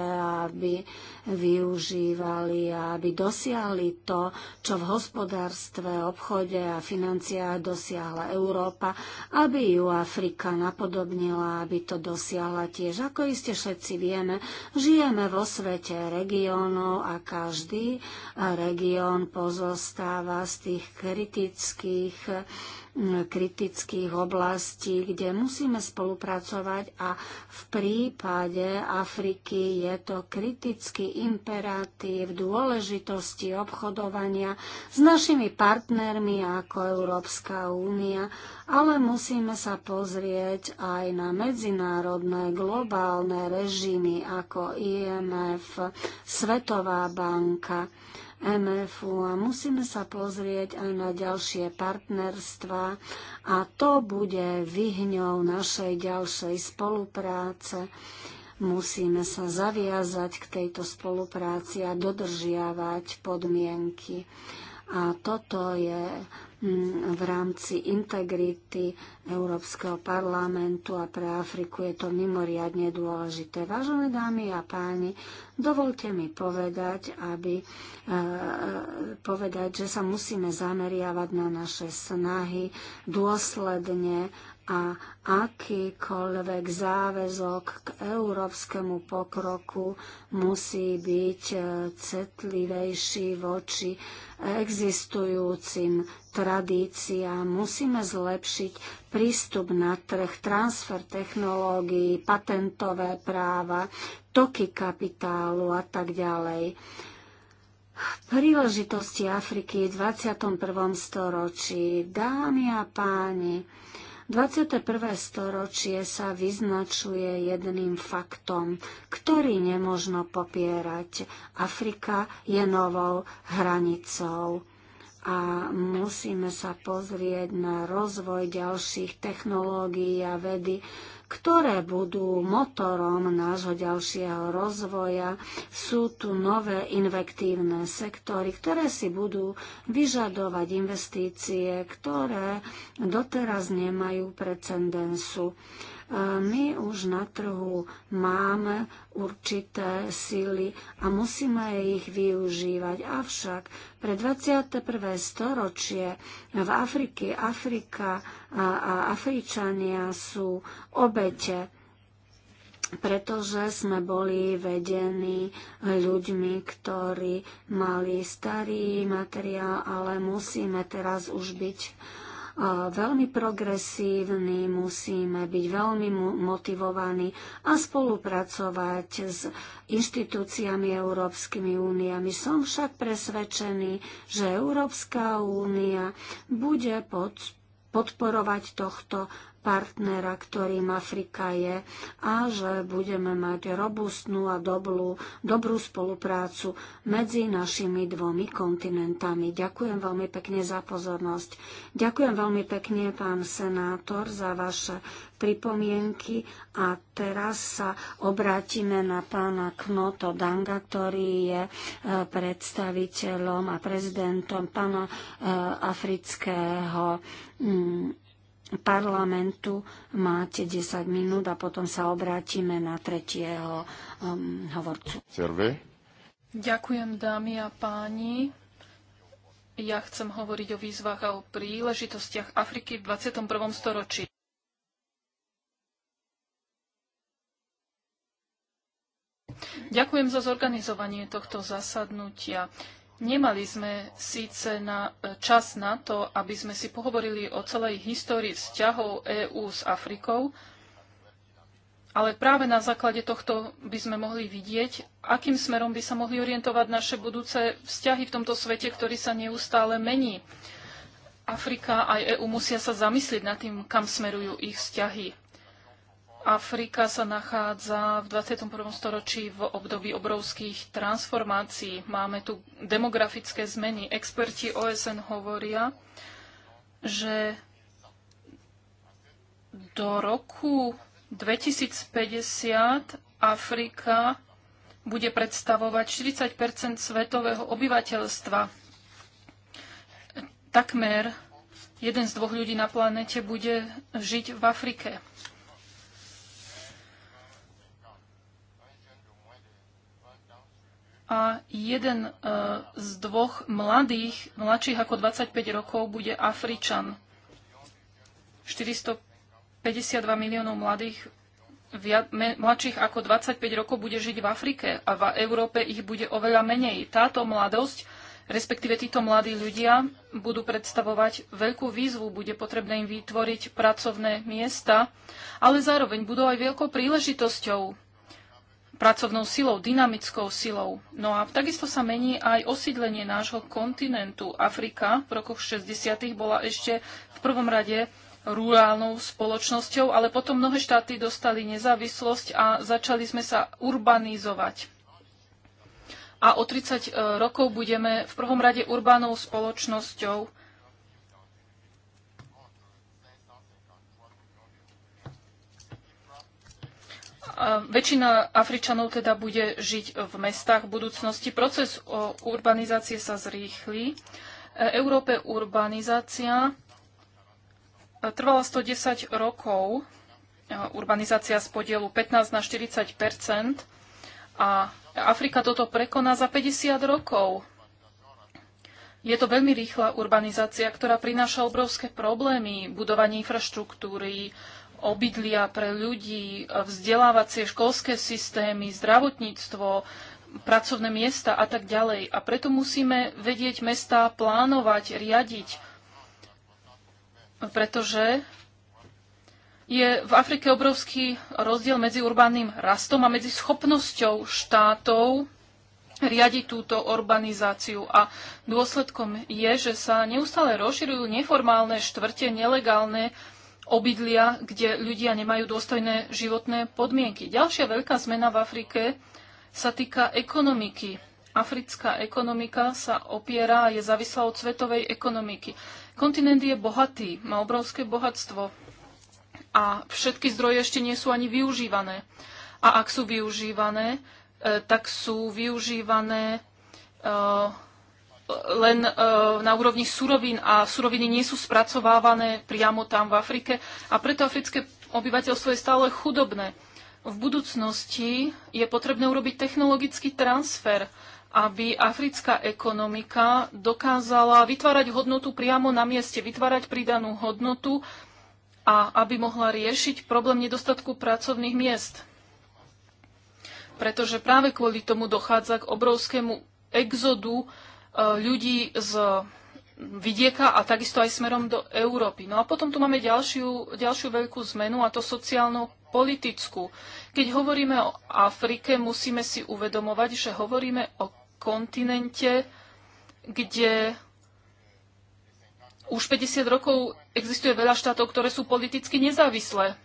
aby využívali a aby dosiahli to, čo v hospodárstve, obchode a financiách dosiahla Európa, aby ju Afrika napodobnila, aby to dosiahla tiež. Ako iste všetci vieme, žijeme vo svete regiónov a každý región pozostáva z tých kritických kritických oblastí, kde musíme spolupracovať a v prípade Afriky je to kritický imperatív dôležitosti obchodovania s našimi partnermi ako Európska únia, ale musíme sa pozrieť aj na medzinárodné globálne režimy ako IMF, Svetová banka MFU a musíme sa pozrieť aj na ďalšie partnerstva a to bude vyhňou našej ďalšej spolupráce. Musíme sa zaviazať k tejto spolupráci a dodržiavať podmienky. A toto je Mm, v rámci integrity Európskeho parlamentu a pre Afriku je to mimoriadne dôležité. Vážené dámy a páni, dovolte mi povedať, aby, e, e, povedať, že sa musíme zameriavať na naše snahy dôsledne a akýkoľvek záväzok k európskemu pokroku musí byť e, cetlivejší voči existujúcim tradíciám. Musíme zlepšiť prístup na trh, transfer technológií, patentové práva, toky kapitálu a tak ďalej. Príležitosti Afriky v 21. storočí. Dámy a páni, 21. storočie sa vyznačuje jedným faktom, ktorý nemožno popierať. Afrika je novou hranicou a musíme sa pozrieť na rozvoj ďalších technológií a vedy, ktoré budú motorom nášho ďalšieho rozvoja. Sú tu nové invektívne sektory, ktoré si budú vyžadovať investície, ktoré doteraz nemajú precedensu. E, my už na trhu máme určité síly a musíme ich využívať. Avšak pre 21. storočie v Afrike Afrika a Afričania sú obete pretože sme boli vedení ľuďmi, ktorí mali starý materiál, ale musíme teraz už byť veľmi progresívni, musíme byť veľmi motivovaní a spolupracovať s inštitúciami Európskymi úniami. Som však presvedčený, že Európska únia bude pod podporovať tohto partnera, ktorým Afrika je a že budeme mať robustnú a dobrú, dobrú spoluprácu medzi našimi dvomi kontinentami. Ďakujem veľmi pekne za pozornosť. Ďakujem veľmi pekne, pán senátor, za vaše pripomienky a teraz sa obrátime na pána Knoto Danga, ktorý je e, predstaviteľom a prezidentom pána e, afrického mm, parlamentu. Máte 10 minút a potom sa obrátime na tretieho um, hovorcu. Serve. Ďakujem, dámy a páni. Ja chcem hovoriť o výzvach a o príležitostiach Afriky v 21. storočí. Ďakujem za zorganizovanie tohto zasadnutia. Nemali sme síce na, e, čas na to, aby sme si pohovorili o celej histórii vzťahov EÚ s Afrikou, ale práve na základe tohto by sme mohli vidieť, akým smerom by sa mohli orientovať naše budúce vzťahy v tomto svete, ktorý sa neustále mení. Afrika aj EÚ musia sa zamyslieť nad tým, kam smerujú ich vzťahy. Afrika sa nachádza v 21. storočí v období obrovských transformácií. Máme tu demografické zmeny. Experti OSN hovoria, že do roku 2050 Afrika bude predstavovať 40 svetového obyvateľstva. Takmer jeden z dvoch ľudí na planete bude žiť v Afrike. a jeden e, z dvoch mladých, mladších ako 25 rokov, bude Afričan. 452 miliónov mladých, mladších ako 25 rokov bude žiť v Afrike a v Európe ich bude oveľa menej. Táto mladosť, respektíve títo mladí ľudia, budú predstavovať veľkú výzvu, bude potrebné im vytvoriť pracovné miesta, ale zároveň budú aj veľkou príležitosťou pracovnou silou, dynamickou silou. No a takisto sa mení aj osídlenie nášho kontinentu. Afrika v rokoch 60. bola ešte v prvom rade rurálnou spoločnosťou, ale potom mnohé štáty dostali nezávislosť a začali sme sa urbanizovať. A o 30 e, rokov budeme v prvom rade urbánou spoločnosťou väčšina Afričanov teda bude žiť v mestách v budúcnosti. Proces urbanizácie sa zrýchli. E, Európe urbanizácia e, trvala 110 rokov. E, urbanizácia z podielu 15 na 40 a Afrika toto prekoná za 50 rokov. Je to veľmi rýchla urbanizácia, ktorá prináša obrovské problémy, budovanie infraštruktúry, obydlia pre ľudí, vzdelávacie školské systémy, zdravotníctvo, pracovné miesta a tak ďalej. A preto musíme vedieť mesta plánovať, riadiť, pretože je v Afrike obrovský rozdiel medzi urbánnym rastom a medzi schopnosťou štátov riadiť túto urbanizáciu. A dôsledkom je, že sa neustále rozširujú neformálne štvrte, nelegálne obydlia, kde ľudia nemajú dôstojné životné podmienky. Ďalšia veľká zmena v Afrike sa týka ekonomiky. Africká ekonomika sa opiera a je závislá od svetovej ekonomiky. Kontinent je bohatý, má obrovské bohatstvo a všetky zdroje ešte nie sú ani využívané. A ak sú využívané, e, tak sú využívané e, len e, na úrovni surovín a suroviny nie sú spracovávané priamo tam v Afrike a preto africké obyvateľstvo je stále chudobné. V budúcnosti je potrebné urobiť technologický transfer, aby africká ekonomika dokázala vytvárať hodnotu priamo na mieste, vytvárať pridanú hodnotu a aby mohla riešiť problém nedostatku pracovných miest. Pretože práve kvôli tomu dochádza k obrovskému exodu E, ľudí z vidieka a takisto aj smerom do Európy. No a potom tu máme ďalšiu, ďalšiu veľkú zmenu a to sociálnu politickú. Keď hovoríme o Afrike, musíme si uvedomovať, že hovoríme o kontinente, kde už 50 rokov existuje veľa štátov, ktoré sú politicky nezávislé.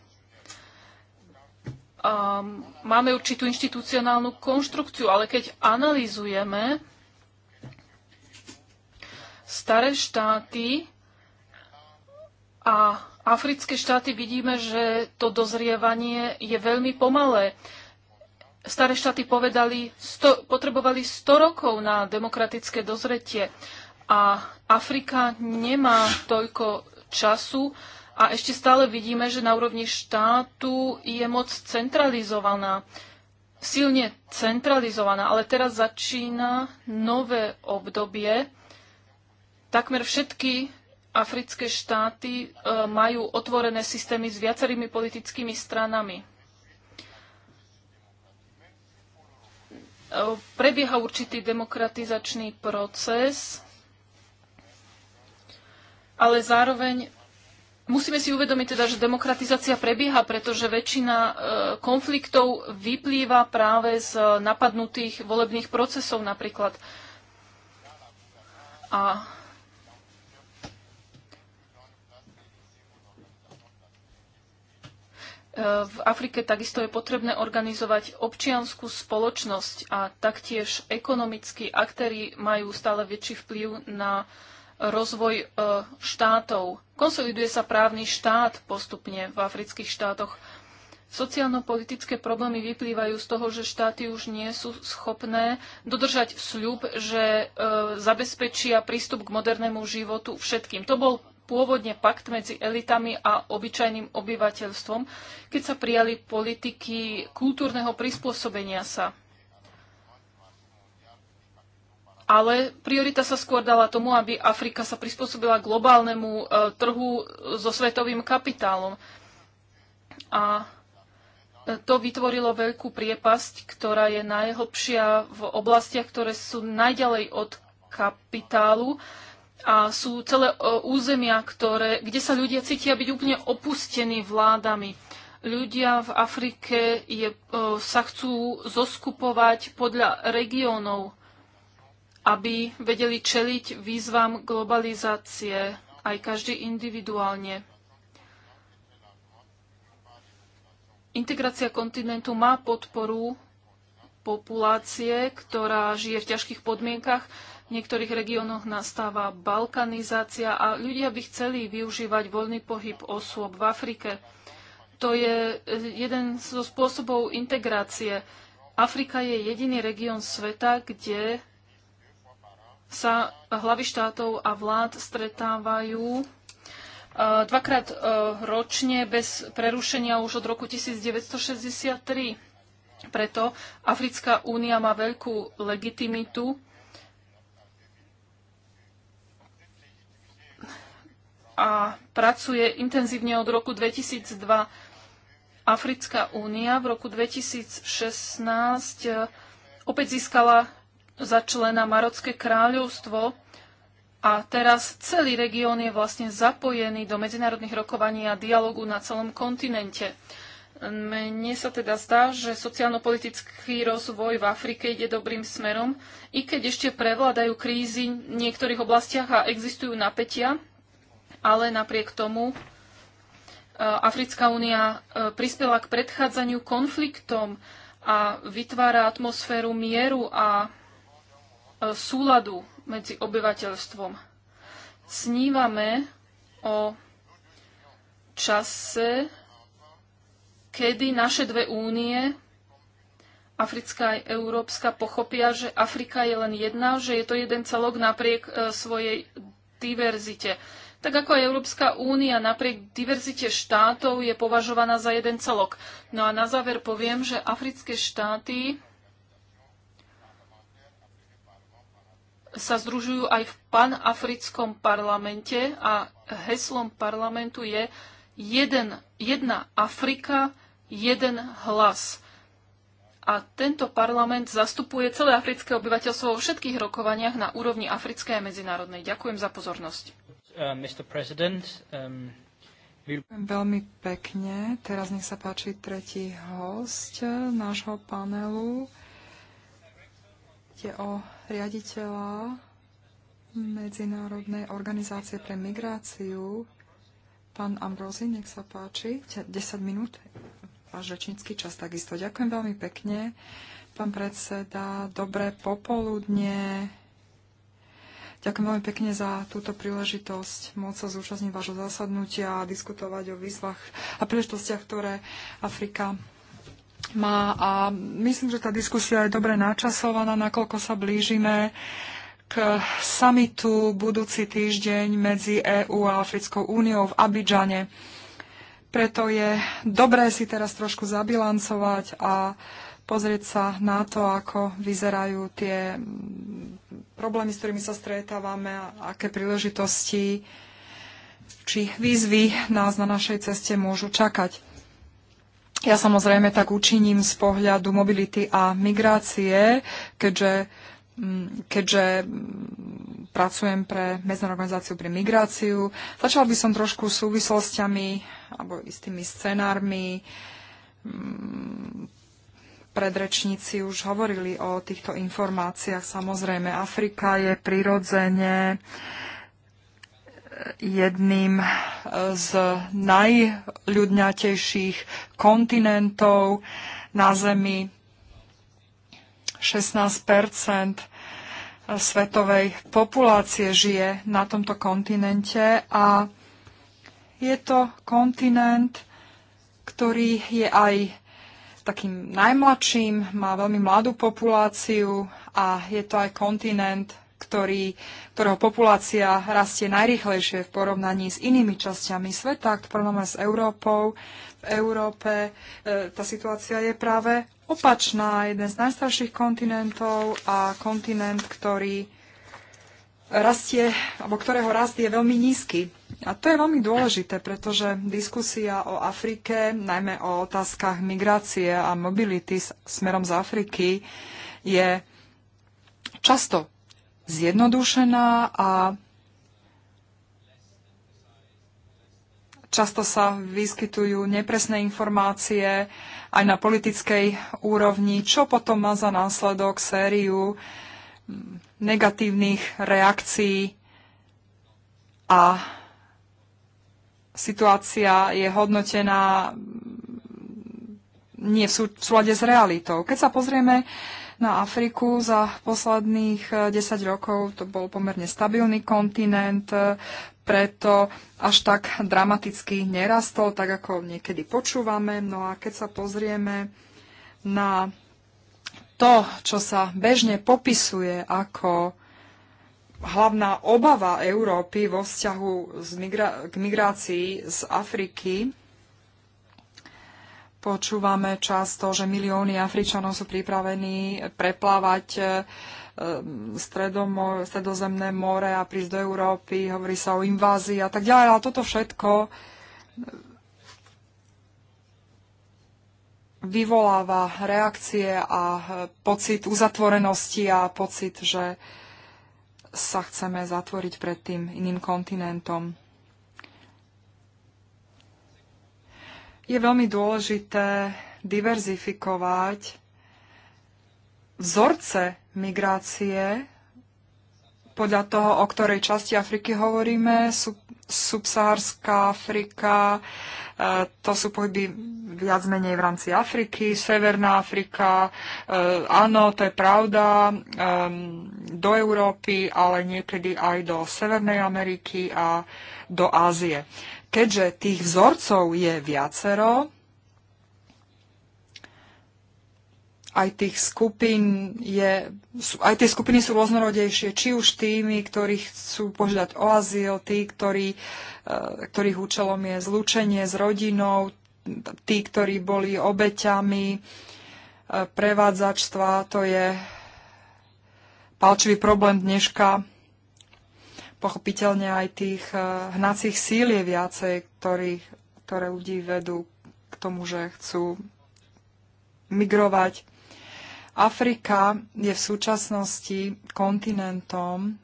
Um, máme určitú inštitucionálnu konštrukciu, ale keď analýzujeme staré štáty a africké štáty vidíme, že to dozrievanie je veľmi pomalé. Staré štáty povedali, sto, potrebovali 100 rokov na demokratické dozretie a Afrika nemá toľko času a ešte stále vidíme, že na úrovni štátu je moc centralizovaná silne centralizovaná, ale teraz začína nové obdobie Takmer všetky africké štáty e, majú otvorené systémy s viacerými politickými stranami. E, prebieha určitý demokratizačný proces, ale zároveň musíme si uvedomiť teda, že demokratizácia prebieha, pretože väčšina e, konfliktov vyplýva práve z napadnutých volebných procesov napríklad. A V Afrike takisto je potrebné organizovať občianskú spoločnosť a taktiež ekonomickí aktéry majú stále väčší vplyv na rozvoj e, štátov. Konsoliduje sa právny štát postupne v afrických štátoch. Sociálno-politické problémy vyplývajú z toho, že štáty už nie sú schopné dodržať sľub, že e, zabezpečia prístup k modernému životu všetkým. To bol pôvodne pakt medzi elitami a obyčajným obyvateľstvom, keď sa prijali politiky kultúrneho prispôsobenia sa. Ale priorita sa skôr dala tomu, aby Afrika sa prispôsobila globálnemu e, trhu so svetovým kapitálom. A e, to vytvorilo veľkú priepasť, ktorá je najhlbšia v oblastiach, ktoré sú najďalej od kapitálu. Uh, a sú celé e, územia, ktoré, kde sa ľudia cítia byť úplne opustení vládami. Ľudia v Afrike je, e, sa chcú zoskupovať podľa regiónov, aby vedeli čeliť výzvam globalizácie aj každý individuálne. Integrácia kontinentu má podporu populácie, ktorá žije v ťažkých podmienkach, niektorých regiónoch nastáva balkanizácia a ľudia by chceli využívať voľný pohyb osôb v Afrike. To je e, jeden zo spôsobov integrácie. Afrika je jediný región sveta, kde sa hlavy štátov a vlád stretávajú e, dvakrát e, ročne bez prerušenia už od roku 1963. Preto Africká únia má veľkú legitimitu a pracuje intenzívne od roku 2002. Africká únia v roku 2016 e, opäť získala za člena Marocké kráľovstvo a teraz celý región je vlastne zapojený do medzinárodných rokovaní a dialogu na celom kontinente. Mne sa teda zdá, že sociálno-politický rozvoj v Afrike ide dobrým smerom, i keď ešte prevládajú krízy v niektorých oblastiach a existujú napätia, ale napriek tomu e, Africká únia e, prispela k predchádzaniu konfliktom a vytvára atmosféru mieru a e, súladu medzi obyvateľstvom. Snívame o čase, kedy naše dve únie, Africká a Európska, pochopia, že Afrika je len jedna, že je to jeden celok napriek svojej diverzite tak ako aj Európska únia napriek diverzite štátov je považovaná za jeden celok. No a na záver poviem, že africké štáty sa združujú aj v panafrickom parlamente a heslom parlamentu je jeden, jedna Afrika, jeden hlas. A tento parlament zastupuje celé africké obyvateľstvo vo všetkých rokovaniach na úrovni africkej a medzinárodnej. Ďakujem za pozornosť. Uh, Mr. President. Um, Veľmi pekne. Teraz nech sa páči tretí host uh, nášho panelu. Je o riaditeľa Medzinárodnej organizácie pre migráciu. Pán Ambrozi, nech sa páči. 10 minút. Váš rečnícky čas takisto. Ďakujem veľmi pekne. Pán predseda, dobré popoludne. Ďakujem veľmi pekne za túto príležitosť môcť sa zúčastniť vášho zasadnutia a diskutovať o výzvach a príležitostiach, ktoré Afrika má. A myslím, že tá diskusia je dobre načasovaná, nakoľko sa blížime k samitu budúci týždeň medzi EÚ a Africkou úniou v Abidžane. Preto je dobré si teraz trošku zabilancovať a pozrieť sa na to, ako vyzerajú tie problémy, s ktorými sa stretávame, aké príležitosti či výzvy nás na našej ceste môžu čakať. Ja samozrejme tak učiním z pohľadu mobility a migrácie, keďže, mm, keďže mm, pracujem pre Medzinárodnú organizáciu pre migráciu. Začal by som trošku súvislostiami alebo istými scenármi mm, predrečníci už hovorili o týchto informáciách. Samozrejme, Afrika je prirodzene eh, jedným eh, z najľudňatejších kontinentov na Zemi. 16 eh, svetovej populácie žije na tomto kontinente a je to kontinent, ktorý je aj takým najmladším, má veľmi mladú populáciu a je to aj kontinent, ktorý, ktorého populácia rastie najrychlejšie v porovnaní s inými časťami sveta, v porovnaní s Európou. V Európe e, tá situácia je práve opačná. Jeden z najstarších kontinentov a kontinent, ktorý rastie, alebo ktorého rast je veľmi nízky. A to je veľmi dôležité, pretože diskusia o Afrike, najmä o otázkach migrácie a mobility smerom z Afriky, je často zjednodušená a často sa vyskytujú nepresné informácie aj na politickej úrovni, čo potom má za následok sériu negatívnych reakcií a situácia je hodnotená nie v, súlade s realitou. Keď sa pozrieme na Afriku za posledných 10 eh, rokov, to bol pomerne stabilný kontinent, preto až tak dramaticky nerastol, tak ako niekedy počúvame. No a keď sa pozrieme na to, čo sa bežne popisuje ako hlavná obava Európy vo vzťahu k migrácii z Afriky, počúvame často, že milióny Afričanov sú pripravení preplávať e, stredozemné more a prísť do Európy, hovorí sa o invázii a tak ďalej, ale toto všetko vyvoláva reakcie a e, pocit uzatvorenosti a pocit, že sa chceme zatvoriť pred tým iným kontinentom. Je veľmi dôležité diverzifikovať vzorce migrácie podľa toho, o ktorej časti Afriky hovoríme, sú subsahárska Afrika, e, to sú pohyby viac menej v rámci Afriky, Severná Afrika, e, áno, to je pravda, do Európy, ale niekedy aj do Severnej Ameriky a do Ázie. Keďže tých vzorcov je viacero, aj tých skupín je, aj tie skupiny sú rôznorodejšie, či už tými, ktorých chcú požiadať o azyl, tí, ktorí, eh, ktorých účelom je zlúčenie s rodinou, tí, ktorí boli obeťami eh, prevádzačstva, to je palčivý problém dneška. Pochopiteľne aj tých eh, hnacích síl je viacej, ktorých, ktoré ľudí vedú k tomu, že chcú migrovať Afrika je v súčasnosti kontinentom,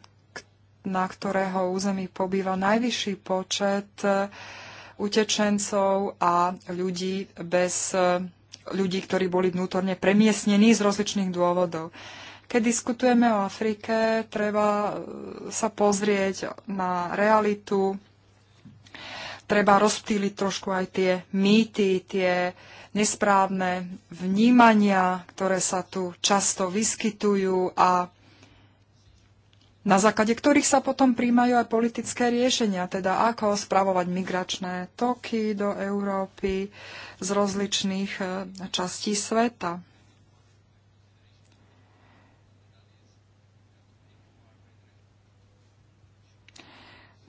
na ktorého území pobýva najvyšší počet e, utečencov a ľudí bez e, ľudí, ktorí boli vnútorne premiesnení z rozličných dôvodov. Keď diskutujeme o Afrike, treba e, sa pozrieť na realitu, treba rozptýliť trošku aj tie mýty, tie uh, nesprávne vnímania, ktoré sa tu často vyskytujú a na základe ktorých sa potom príjmajú aj politické riešenia, teda ako spravovať migračné toky do Európy z rozličných e, častí sveta.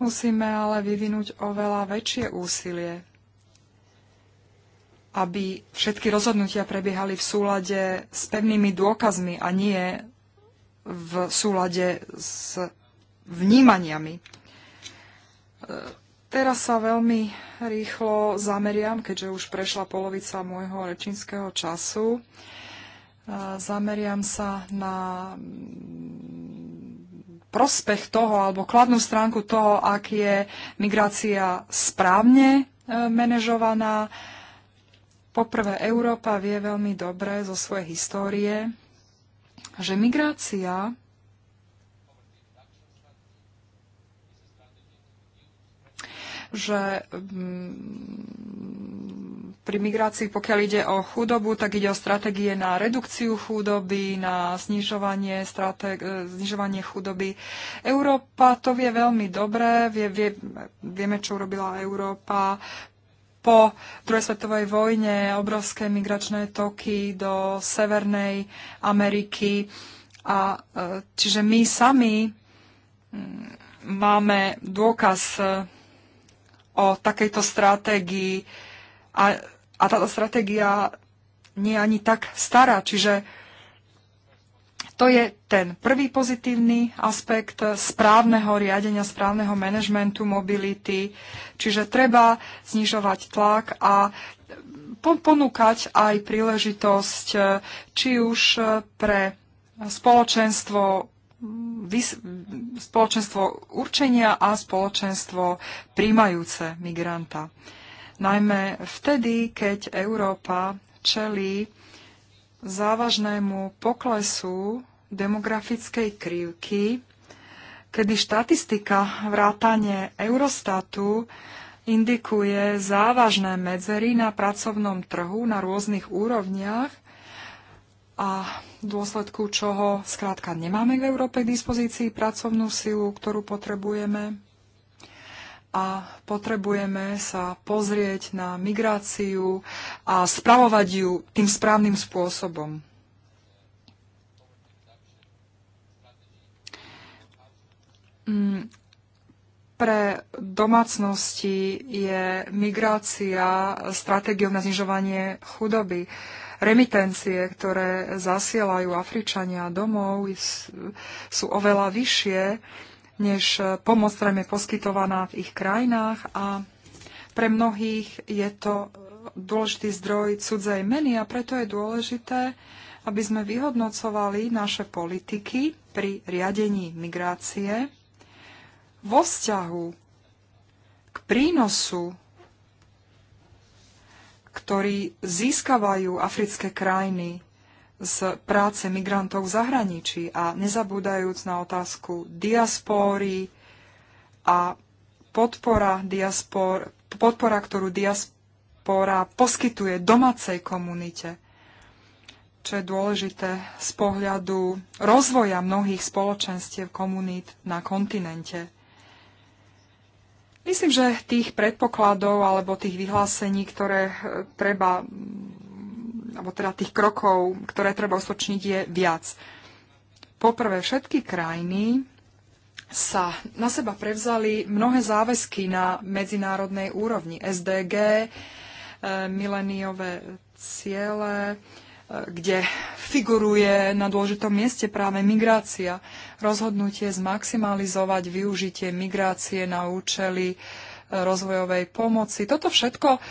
Musíme ale vyvinúť oveľa väčšie úsilie aby všetky rozhodnutia prebiehali v súlade s pevnými dôkazmi a nie v súlade s vnímaniami. E, teraz sa veľmi rýchlo zameriam, keďže už prešla polovica môjho rečinského času. E, zameriam sa na prospech toho, alebo kladnú stránku toho, ak je migrácia správne e, manažovaná, Poprvé, Európa vie veľmi dobre zo svojej histórie, že migrácia že mm, pri migrácii, pokiaľ ide o chudobu, tak ide o stratégie na redukciu chudoby, na znižovanie, e, znižovanie chudoby. Európa to vie veľmi dobre, vie, vie, vieme, čo urobila Európa po druhej svetovej vojne obrovské migračné toky do Severnej Ameriky. A e, čiže my sami mm, máme dôkaz e, o takejto stratégii a, a táto stratégia nie je ani tak stará. Čiže to je ten prvý pozitívny aspekt správneho riadenia, správneho manažmentu mobility, čiže treba znižovať tlak a ponúkať aj príležitosť, či už pre spoločenstvo spoločenstvo určenia a spoločenstvo príjmajúce migranta. Najmä vtedy, keď Európa čelí závažnému poklesu demografickej krivky, kedy štatistika vrátane Eurostatu indikuje závažné medzery na pracovnom trhu na rôznych úrovniach a v dôsledku čoho skrátka nemáme v Európe k dispozícii pracovnú silu, ktorú potrebujeme a potrebujeme sa pozrieť na migráciu a spravovať ju tým správnym spôsobom. Mm, pre domácnosti je migrácia stratégiou na znižovanie chudoby. Remitencie, ktoré zasielajú Afričania domov, sú oveľa vyššie než e, pomoc, ktorá je poskytovaná v ich krajinách a pre mnohých je to e, dôležitý zdroj cudzej meny a preto je dôležité, aby sme vyhodnocovali naše politiky pri riadení migrácie vo vzťahu k prínosu, ktorý získavajú africké krajiny z práce migrantov v zahraničí a nezabúdajúc na otázku diaspóry a podpora, diaspor, podpora ktorú diaspora poskytuje domácej komunite, čo je dôležité z pohľadu rozvoja mnohých spoločenstiev komunít na kontinente. Myslím, že tých predpokladov alebo tých vyhlásení, ktoré eh, treba alebo teda tých krokov, ktoré treba uskutočniť, je viac. Poprvé, všetky krajiny sa na seba prevzali mnohé záväzky na medzinárodnej úrovni. SDG, e, mileniové ciele, e, kde figuruje na dôležitom mieste práve migrácia. Rozhodnutie zmaximalizovať využitie migrácie na účely e, rozvojovej pomoci. Toto všetko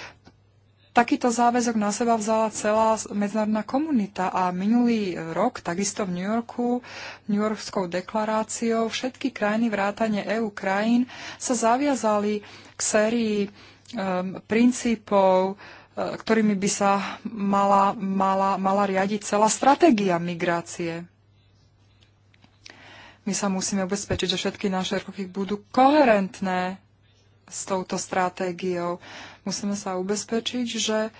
Takýto záväzok na seba vzala celá medzinárodná komunita a minulý rok takisto v New Yorku, New Yorkskou deklaráciou, všetky krajiny vrátane EU krajín sa zaviazali k sérii um, princípov, uh, ktorými by sa mala, mala, mala riadiť celá stratégia migrácie. My sa musíme ubezpečiť, že všetky naše roky budú koherentné s touto stratégiou. Musíme sa ubezpečiť, že e,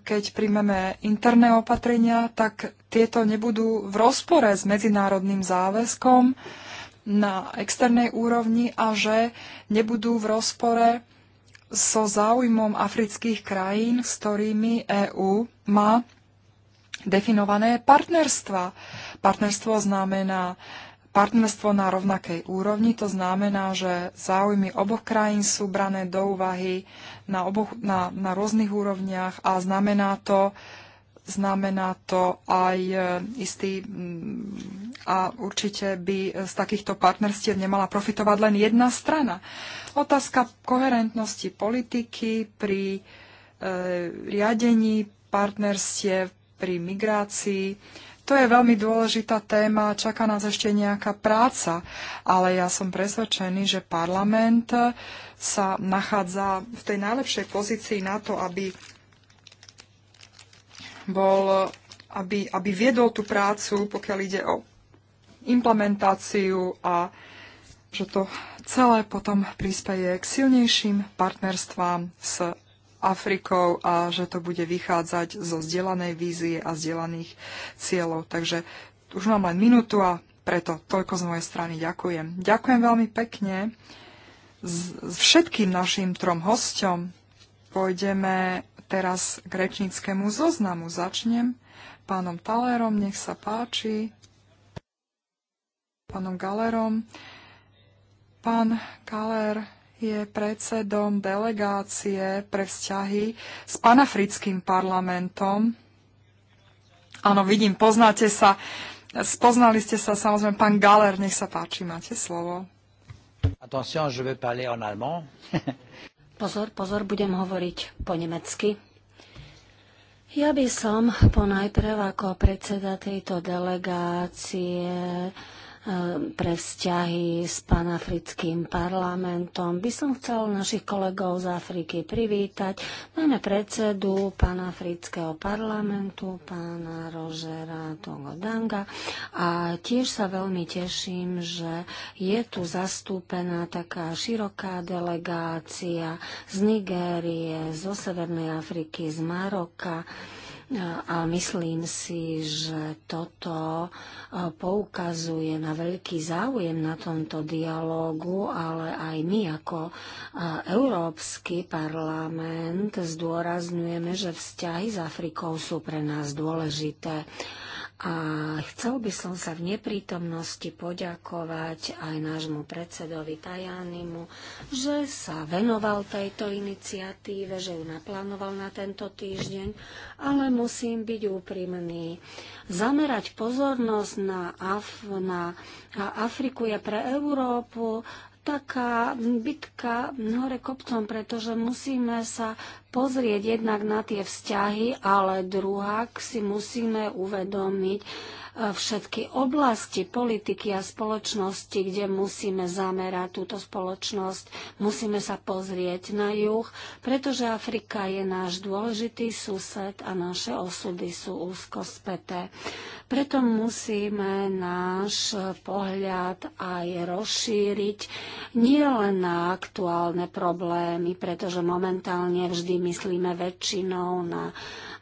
keď príjmeme interné opatrenia, tak tieto nebudú v rozpore s medzinárodným záväzkom na externej úrovni a že nebudú v rozpore so záujmom afrických krajín, s ktorými EÚ má definované partnerstva. Partnerstvo znamená partnerstvo na rovnakej úrovni. To znamená, že záujmy oboch krajín sú brané do úvahy na, oboch, na, na rôznych úrovniach a znamená to, znamená to aj e, istý mm, a určite by z takýchto partnerstiev nemala profitovať len jedna strana. Otázka koherentnosti politiky pri e, riadení partnerstiev, pri migrácii. To je veľmi dôležitá téma, čaká nás ešte nejaká práca, ale ja som presvedčený, že parlament sa nachádza v tej najlepšej pozícii na to, aby bol, aby, aby viedol tú prácu, pokiaľ ide o implementáciu a že to celé potom prispieje k silnejším partnerstvám s Afrikou a že to bude vychádzať zo zdelanej vízie a zdelaných cieľov. Takže už mám len minútu a preto toľko z mojej strany ďakujem. Ďakujem veľmi pekne s všetkým našim trom hosťom. Pôjdeme teraz k rečníckému zoznamu. Začnem pánom Talerom, nech sa páči, pánom Galerom. Pán Galer, je predsedom delegácie pre vzťahy s panafrickým parlamentom. Áno, vidím, poznáte sa. Spoznali ste sa, samozrejme, pán Galer, nech sa páči, máte slovo. Attention, je vais parler en allemand. pozor, pozor, budem hovoriť po nemecky. Ja by som ponajprv ako predseda tejto delegácie Ehm, pre vzťahy s panafrickým parlamentom. By som chcel našich kolegov z Afriky privítať, najmä predsedu panafrického parlamentu, pána Rožera Togodanga. A tiež sa veľmi teším, že je tu zastúpená taká široká delegácia z Nigérie, zo Severnej Afriky, z Maroka. A myslím si, že toto e, poukazuje na veľký záujem na tomto dialogu, ale aj my ako e, Európsky parlament zdôrazňujeme, že vzťahy s Afrikou sú pre nás dôležité. A chcel by som sa v neprítomnosti poďakovať aj nášmu predsedovi Tajanimu, že sa venoval tejto iniciatíve, že ju naplánoval na tento týždeň, ale musím byť úprimný. Zamerať pozornosť na, Af- na Afriku je pre Európu taká bitka hore kopcom, pretože musíme sa pozrieť jednak na tie vzťahy, ale druhák si musíme uvedomiť e, všetky oblasti politiky a spoločnosti, kde musíme zamerať túto spoločnosť. Musíme sa pozrieť na juh, pretože Afrika je náš dôležitý sused a naše osudy sú úzko späté. Preto musíme náš pohľad aj rozšíriť nielen na aktuálne problémy, pretože momentálne vždy myslíme väčšinou na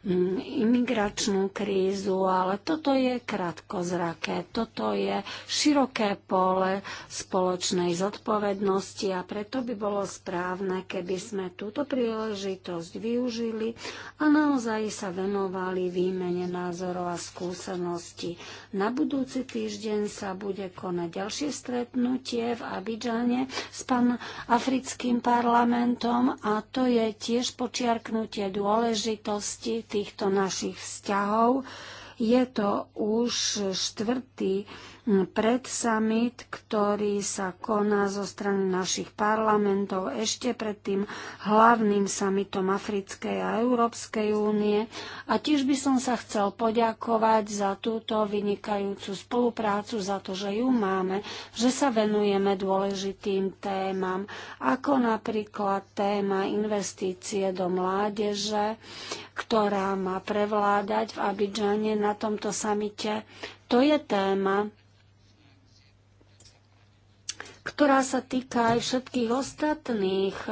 mm, imigračnú krízu, ale toto je krátkozraké, toto je široké pole spoločnej zodpovednosti a preto by bolo správne, keby sme túto príležitosť využili a naozaj sa venovali výmene názorov a skúsenosti udalosti. Na budúci týždeň sa bude konať ďalšie stretnutie v Abidžane s pan africkým parlamentom a to je tiež počiarknutie dôležitosti týchto našich vzťahov. Je to už štvrtý pred summit, ktorý sa koná zo strany našich parlamentov ešte pred tým hlavným summitom Africkej a Európskej únie. A tiež by som sa chcel poďakovať za túto vynikajúcu spoluprácu, za to, že ju máme, že sa venujeme dôležitým témam, ako napríklad téma investície do mládeže, ktorá má prevládať v Abidžane na tomto samite. To je téma, ktorá sa týka aj všetkých ostatných e,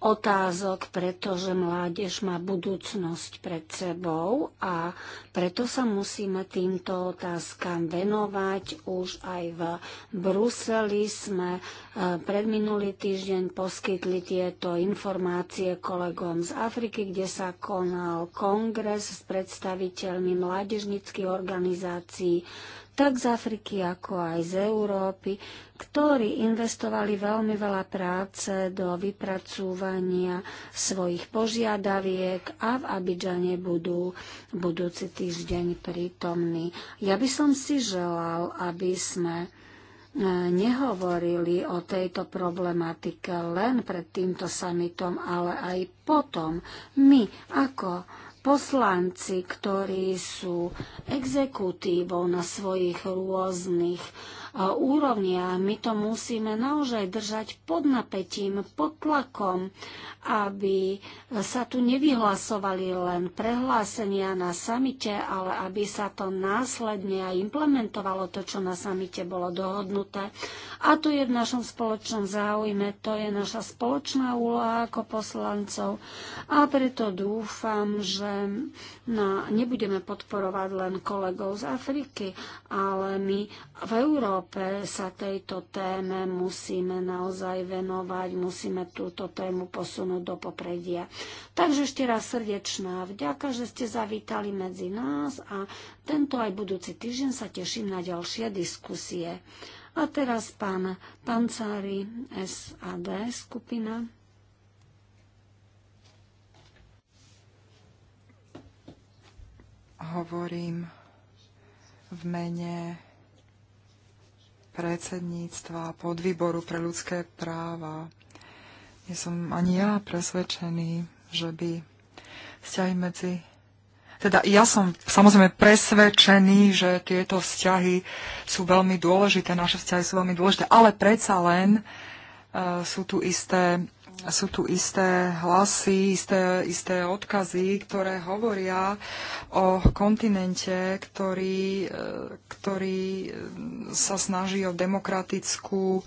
otázok, pretože mládež má budúcnosť pred sebou a preto sa musíme týmto otázkam venovať. Už aj v Bruseli sme e, predminulý týždeň poskytli tieto informácie kolegom z Afriky, kde sa konal kongres s predstaviteľmi mládežnických organizácií tak z Afriky, ako aj z Európy, ktorí investovali veľmi veľa práce do vypracúvania svojich požiadaviek a v Abidžane budú budúci týždeň prítomní. Ja by som si želal, aby sme e, nehovorili o tejto problematike len pred týmto samitom, ale aj potom. My ako poslanci, ktorí sú exekutívou na svojich rôznych E, úrovni a my to musíme naozaj držať pod napätím, pod tlakom, aby sa tu nevyhlasovali len prehlásenia na samite, ale aby sa to následne aj implementovalo to, čo na samite bolo dohodnuté. A to je v našom spoločnom záujme, to je naša spoločná úloha ako poslancov a preto dúfam, že na, nebudeme podporovať len kolegov z Afriky, ale my v Európe Európe sa tejto téme musíme naozaj venovať, musíme túto tému posunúť do popredia. Takže ešte raz srdečná vďaka, že ste zavítali medzi nás a tento aj budúci týždeň sa teším na ďalšie diskusie. A teraz pán Pancári SAD skupina. Hovorím v mene predsedníctva podvýboru pre ľudské práva. Nie som ani ja presvedčený, že by vzťahy medzi teda ja som samozrejme presvedčený, že tieto vzťahy sú veľmi dôležité, naše vzťahy sú veľmi dôležité, ale predsa len uh, sú tu isté sú tu isté hlasy, isté, isté odkazy, ktoré hovoria o kontinente, ktorý, e, ktorý e, sa snaží o demokratickú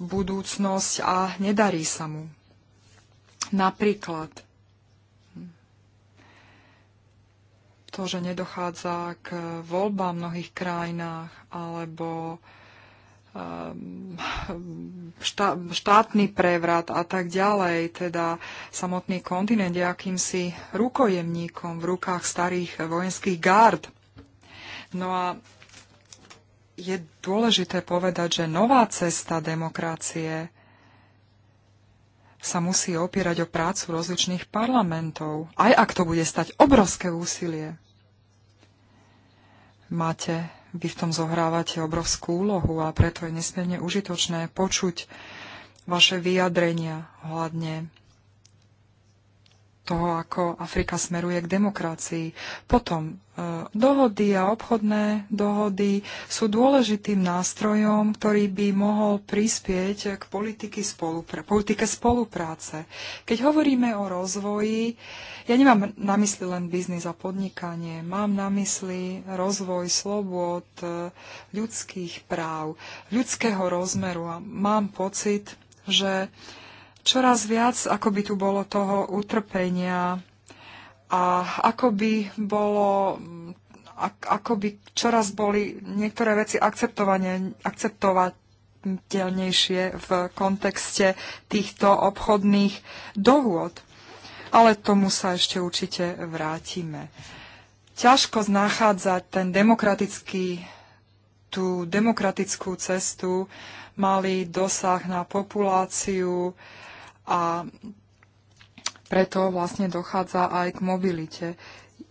budúcnosť a nedarí sa mu. Napríklad to, že nedochádza k voľbám v mnohých krajinách, alebo Ehm, štátny prevrat a tak ďalej. Teda samotný kontinent je akýmsi rukojemníkom v rukách starých vojenských gard. No a je dôležité povedať, že nová cesta demokracie sa musí opierať o prácu rozličných parlamentov, aj ak to bude stať obrovské úsilie. Máte vy v tom zohrávate obrovskú úlohu a preto je nesmierne užitočné počuť vaše vyjadrenia hľadne toho, ako Afrika smeruje k demokracii. Potom e, dohody a obchodné dohody sú dôležitým nástrojom, ktorý by mohol prispieť k spolupra- politike spolupráce. Keď hovoríme o rozvoji, ja nemám na mysli len biznis a podnikanie, mám na mysli rozvoj slobod, e, ľudských práv, ľudského rozmeru a mám pocit, že čoraz viac, ako by tu bolo toho utrpenia a ako by bolo ako by čoraz boli niektoré veci akceptovateľnejšie v kontexte týchto obchodných dohôd. Ale tomu sa ešte určite vrátime. Ťažko nachádzať ten demokratický, tú demokratickú cestu, malý dosah na populáciu, a preto vlastne dochádza aj k mobilite.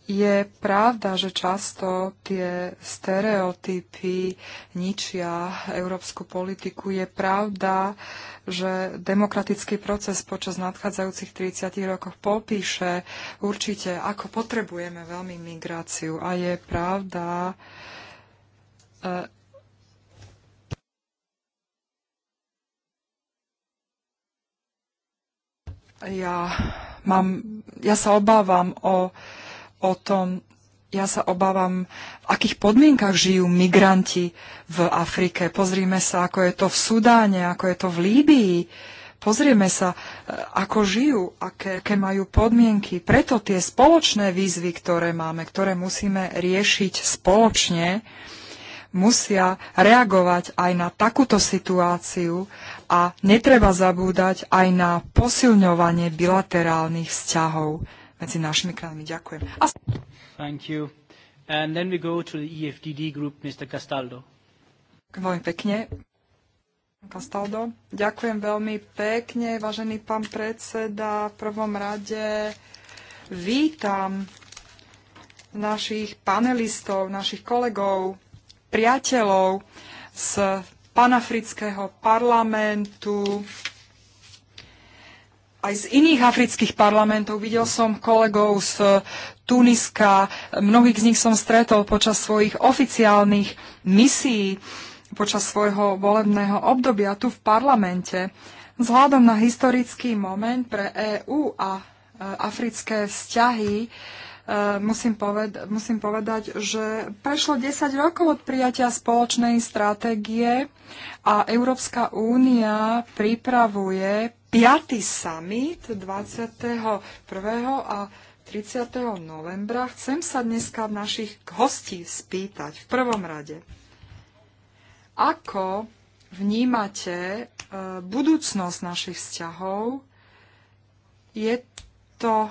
Je pravda, že často tie stereotypy ničia európsku politiku. Je pravda, že demokratický proces počas nadchádzajúcich 30 rokov popíše určite, ako potrebujeme veľmi migráciu. A je pravda, ja, mám, ja sa obávam o, o tom, ja sa obávam, v akých podmienkach žijú migranti v Afrike. Pozrime sa, ako je to v Sudáne, ako je to v Líbii. Pozrieme sa, e, ako žijú, aké, aké majú podmienky. Preto tie spoločné výzvy, ktoré máme, ktoré musíme riešiť spoločne, musia reagovať aj na takúto situáciu a netreba zabúdať aj na posilňovanie bilaterálnych vzťahov medzi našimi krajinami. Ďakujem. A... Thank you. And then we go to the EFDD group, Mr. Castaldo. Veľmi pekne. Castaldo. Ďakujem veľmi pekne, vážený pán predseda. V prvom rade vítam našich panelistov, našich kolegov priateľov z panafrického parlamentu, aj z iných afrických parlamentov. Videl som kolegov z Tuniska, mnohých z nich som stretol počas svojich oficiálnych misií, počas svojho volebného obdobia tu v parlamente. Vzhľadom na historický moment pre EÚ a e, africké vzťahy, Eh, musím, poved- musím povedať, že prešlo 10 rokov od prijatia spoločnej stratégie a Európska únia pripravuje 5. summit 21. a 30. novembra. Chcem sa dneska v našich hostí spýtať v prvom rade, ako vnímate eh, budúcnosť našich vzťahov? Je to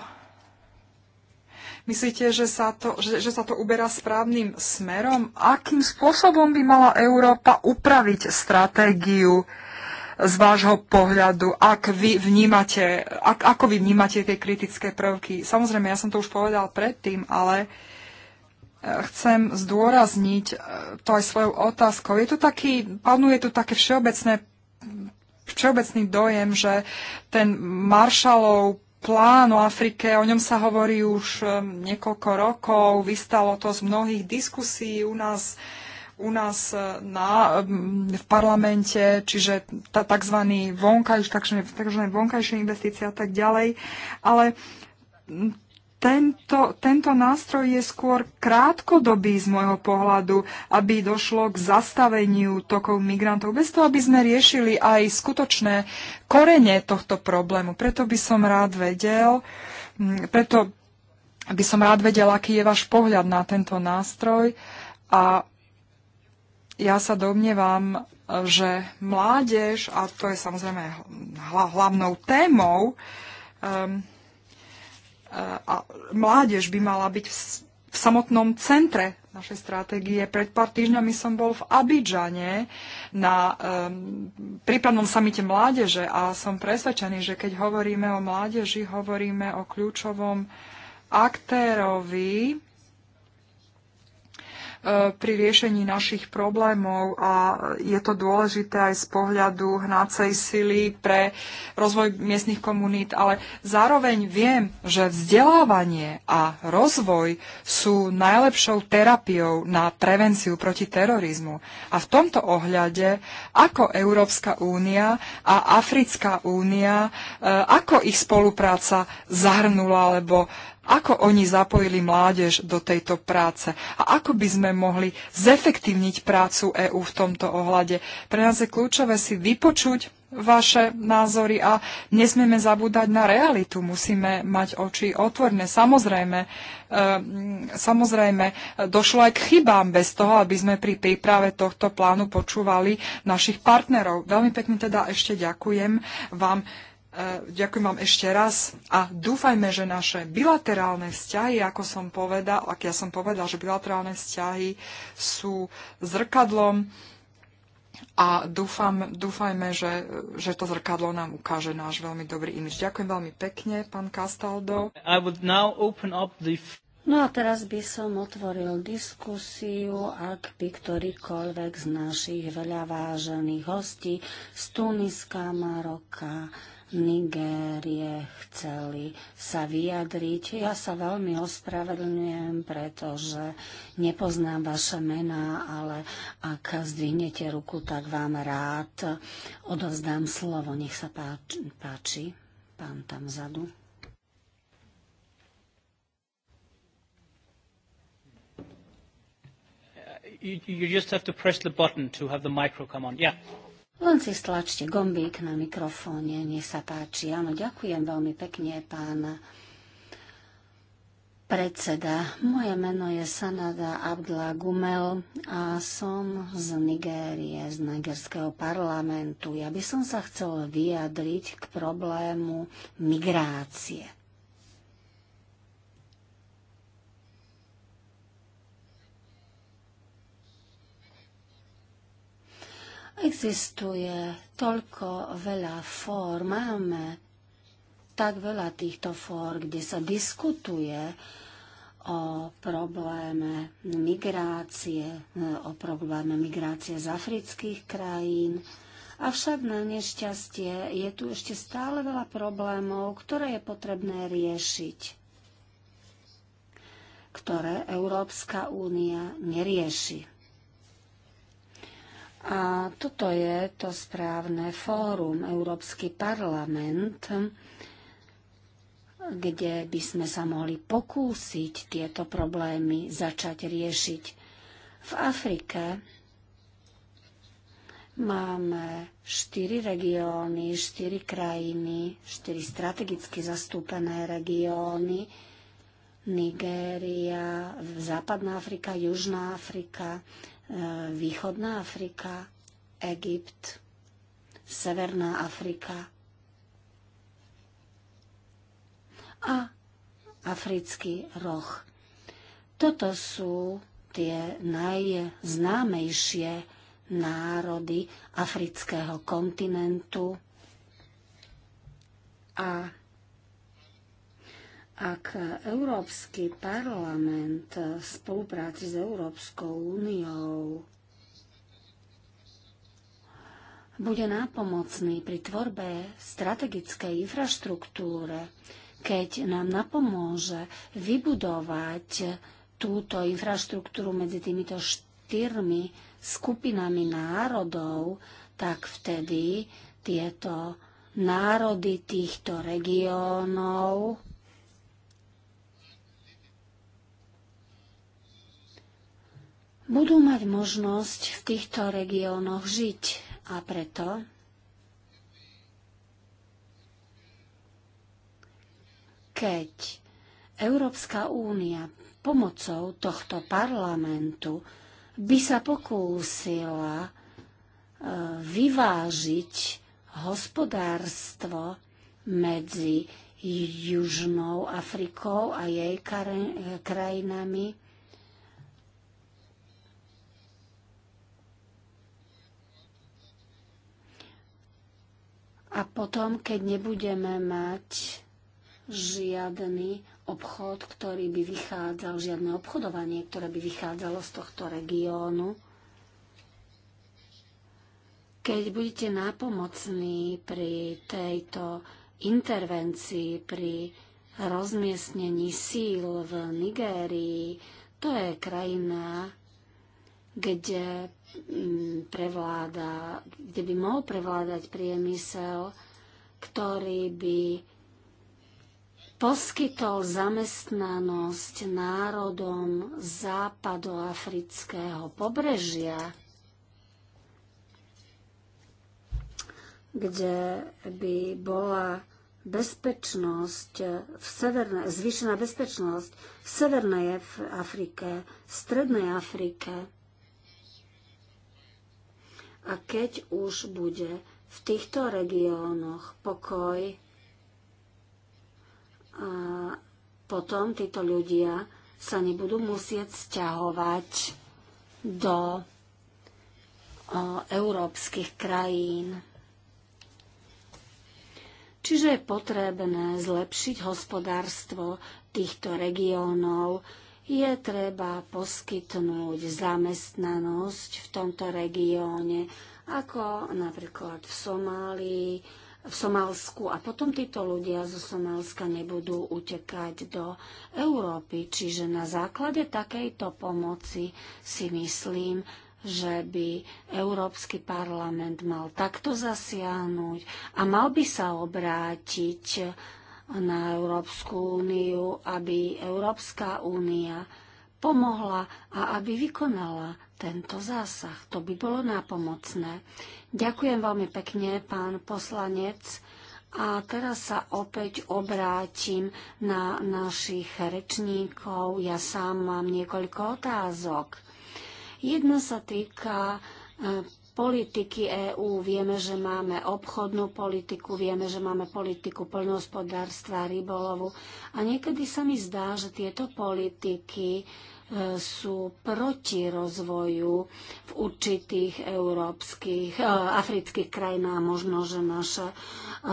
Myslíte, že sa, to, že, že sa to uberá správnym smerom? Akým spôsobom by mala Európa upraviť stratégiu z vášho pohľadu, ak vy vnímate, ak, ako vy vnímate tie kritické prvky? Samozrejme, ja som to už povedal predtým, ale e, chcem zdôrazniť e, to aj svojou otázkou. Je tu taký, panuje tu také všeobecné všeobecný dojem, že ten maršalov plán o Afrike, o ňom sa hovorí už um, niekoľko rokov, vystalo to z mnohých diskusí u nás, u nás uh, na, um, v parlamente, čiže tzv. Vonkajš, takzvané vonkajšie investície a tak ďalej. Ale tento, tento nástroj je skôr krátkodobý z môjho pohľadu, aby došlo k zastaveniu tokov migrantov, bez toho, aby sme riešili aj skutočné korene tohto problému. Preto by som rád vedel, preto by som rád vedel, aký je váš pohľad na tento nástroj a ja sa domnievam, že mládež, a to je samozrejme hla, hlavnou témou, um, a mládež by mala byť v samotnom centre našej stratégie. Pred pár týždňami som bol v Abidžane na um, prípadnom samite mládeže a som presvedčený, že keď hovoríme o mládeži, hovoríme o kľúčovom aktérovi E, pri riešení našich problémov a je to dôležité aj z pohľadu hnácej sily pre rozvoj miestnych komunít, ale zároveň viem, že vzdelávanie a rozvoj sú najlepšou terapiou na prevenciu proti terorizmu. A v tomto ohľade, ako Európska únia a Africká únia, e, ako ich spolupráca zahrnula alebo ako oni zapojili mládež do tejto práce a ako by sme mohli zefektívniť prácu EÚ v tomto ohľade? Pre nás je kľúčové si vypočuť vaše názory a nesmieme zabúdať na realitu. Musíme mať oči otvorné. Samozrejme, e, samozrejme, došlo aj k chybám bez toho, aby sme pri príprave tohto plánu počúvali našich partnerov. Veľmi pekne teda ešte ďakujem vám Ďakujem vám ešte raz a dúfajme, že naše bilaterálne vzťahy, ako som povedal, ak ja som povedal, že bilaterálne vzťahy sú zrkadlom a dúfam, dúfajme, že, že to zrkadlo nám ukáže náš veľmi dobrý imič. Ďakujem veľmi pekne, pán Castaldo. The... No a teraz by som otvoril diskusiu, ak by ktorýkoľvek z našich veľa vážených hostí z Tuniska, Maroka, Nigérie chceli sa vyjadriť. Ja sa veľmi ospravedlňujem, pretože nepoznám vaše mená, ale ak zdvihnete ruku, tak vám rád odovzdám slovo. Nech sa páči, páči pán tam vzadu. You, you just have to press the button to have the micro come on. Yeah. Len si stlačte gombík na mikrofóne, nech sa páči. Áno, ďakujem veľmi pekne, pán predseda. Moje meno je Sanada Abdla Gumel a som z Nigérie, z nigerského parlamentu. Ja by som sa chcel vyjadriť k problému migrácie. Existuje toľko veľa fór, máme tak veľa týchto fór, kde sa diskutuje o probléme migrácie, o probléme migrácie z afrických krajín. Avšak na nešťastie je tu ešte stále veľa problémov, ktoré je potrebné riešiť, ktoré Európska únia nerieši. A toto je to správne fórum, Európsky parlament, kde by sme sa mohli pokúsiť tieto problémy začať riešiť. V Afrike máme štyri regióny, štyri krajiny, štyri strategicky zastúpené regióny, Nigéria, Západná Afrika, Južná Afrika, Východná Afrika, Egypt, Severná Afrika a africký roh. Toto sú tie najznámejšie národy afrického kontinentu a ak Európsky parlament v spolupráci s Európskou úniou bude nápomocný pri tvorbe strategickej infraštruktúre, keď nám napomôže vybudovať túto infraštruktúru medzi týmito štyrmi skupinami národov, tak vtedy tieto národy týchto regiónov budú mať možnosť v týchto regiónoch žiť a preto keď Európska únia pomocou tohto parlamentu by sa pokúsila e, vyvážiť hospodárstvo medzi Južnou Afrikou a jej e, krajinami, A potom, keď nebudeme mať žiadny obchod, ktorý by vychádzal, žiadne obchodovanie, ktoré by vychádzalo z tohto regiónu, keď budete nápomocní pri tejto intervencii, pri rozmiestnení síl v Nigérii, to je krajina, kde Mm, prevláda, kde by mohol prevládať priemysel, ktorý by poskytol zamestnanosť národom západoafrického pobrežia, kde by bola bezpečnosť v severnej, zvýšená bezpečnosť v Severnej Afrike, Strednej Afrike, a keď už bude v týchto regiónoch pokoj, a potom títo ľudia sa nebudú musieť sťahovať do o, európskych krajín. Čiže je potrebné zlepšiť hospodárstvo týchto regiónov, je treba poskytnúť zamestnanosť v tomto regióne, ako napríklad v Somálii, v Somálsku a potom títo ľudia zo Somálska nebudú utekať do Európy. Čiže na základe takejto pomoci si myslím, že by Európsky parlament mal takto zasiahnuť a mal by sa obrátiť na Európsku úniu, aby Európska únia pomohla a aby vykonala tento zásah. To by bolo nápomocné. Ďakujem veľmi pekne, pán poslanec. A teraz sa opäť obrátim na našich rečníkov. Ja sám mám niekoľko otázok. Jedna sa týka e, politiky EÚ. Vieme, že máme obchodnú politiku, vieme, že máme politiku plnohospodárstva, rybolovu. A niekedy sa mi zdá, že tieto politiky e, sú proti rozvoju v určitých európskych, e, afrických krajinách. Možno, že naše e,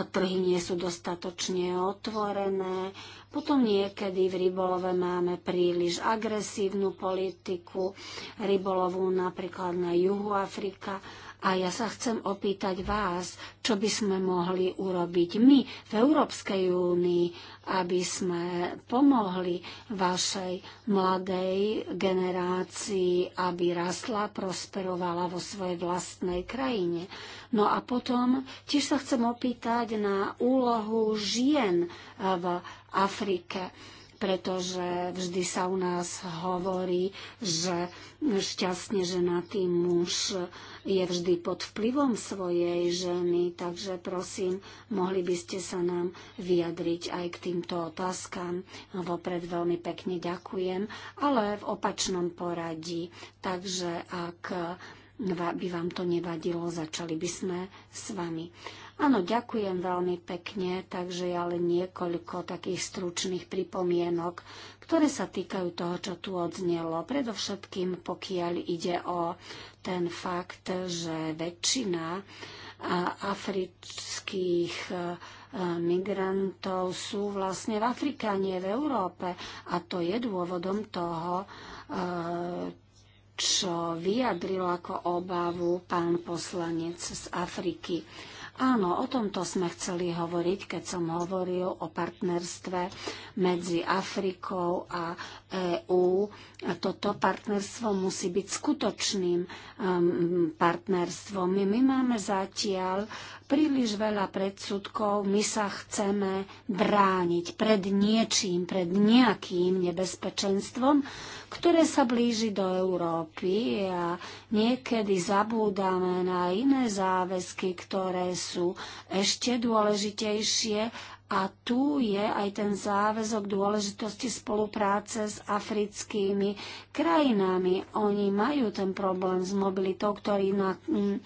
trhy nie sú dostatočne otvorené potom niekedy v rybolove máme príliš agresívnu politiku, rybolovú napríklad na juhu Afrika. A ja sa chcem opýtať vás, čo by sme mohli urobiť my v Európskej únii, aby sme pomohli vašej mladej generácii, aby rastla, prosperovala vo svojej vlastnej krajine. No a potom tiež sa chcem opýtať na úlohu žien v Afrike pretože vždy sa u nás hovorí, že šťastne ženatý muž je vždy pod vplyvom svojej ženy, takže prosím, mohli by ste sa nám vyjadriť aj k týmto otázkam. Vopred veľmi pekne ďakujem, ale v opačnom poradí. Takže ak by vám to nevadilo, začali by sme s vami. Áno, ďakujem veľmi pekne, takže ale niekoľko takých stručných pripomienok, ktoré sa týkajú toho, čo tu odznelo. Predovšetkým, pokiaľ ide o ten fakt, že väčšina afrických e, migrantov sú vlastne v Afrike a nie v Európe. A to je dôvodom toho, e, čo vyjadril ako obavu pán poslanec z Afriky. Áno, o tomto sme chceli hovoriť, keď som hovoril o partnerstve medzi Afrikou a EÚ toto partnerstvo musí byť skutočným um, partnerstvom. My máme zatiaľ príliš veľa predsudkov, my sa chceme brániť pred niečím, pred nejakým nebezpečenstvom, ktoré sa blíži do Európy a niekedy zabúdame na iné záväzky, ktoré sú ešte dôležitejšie a tu je aj ten záväzok dôležitosti spolupráce s africkými krajinami. Oni majú ten problém s mobilitou, ktorý na, mm,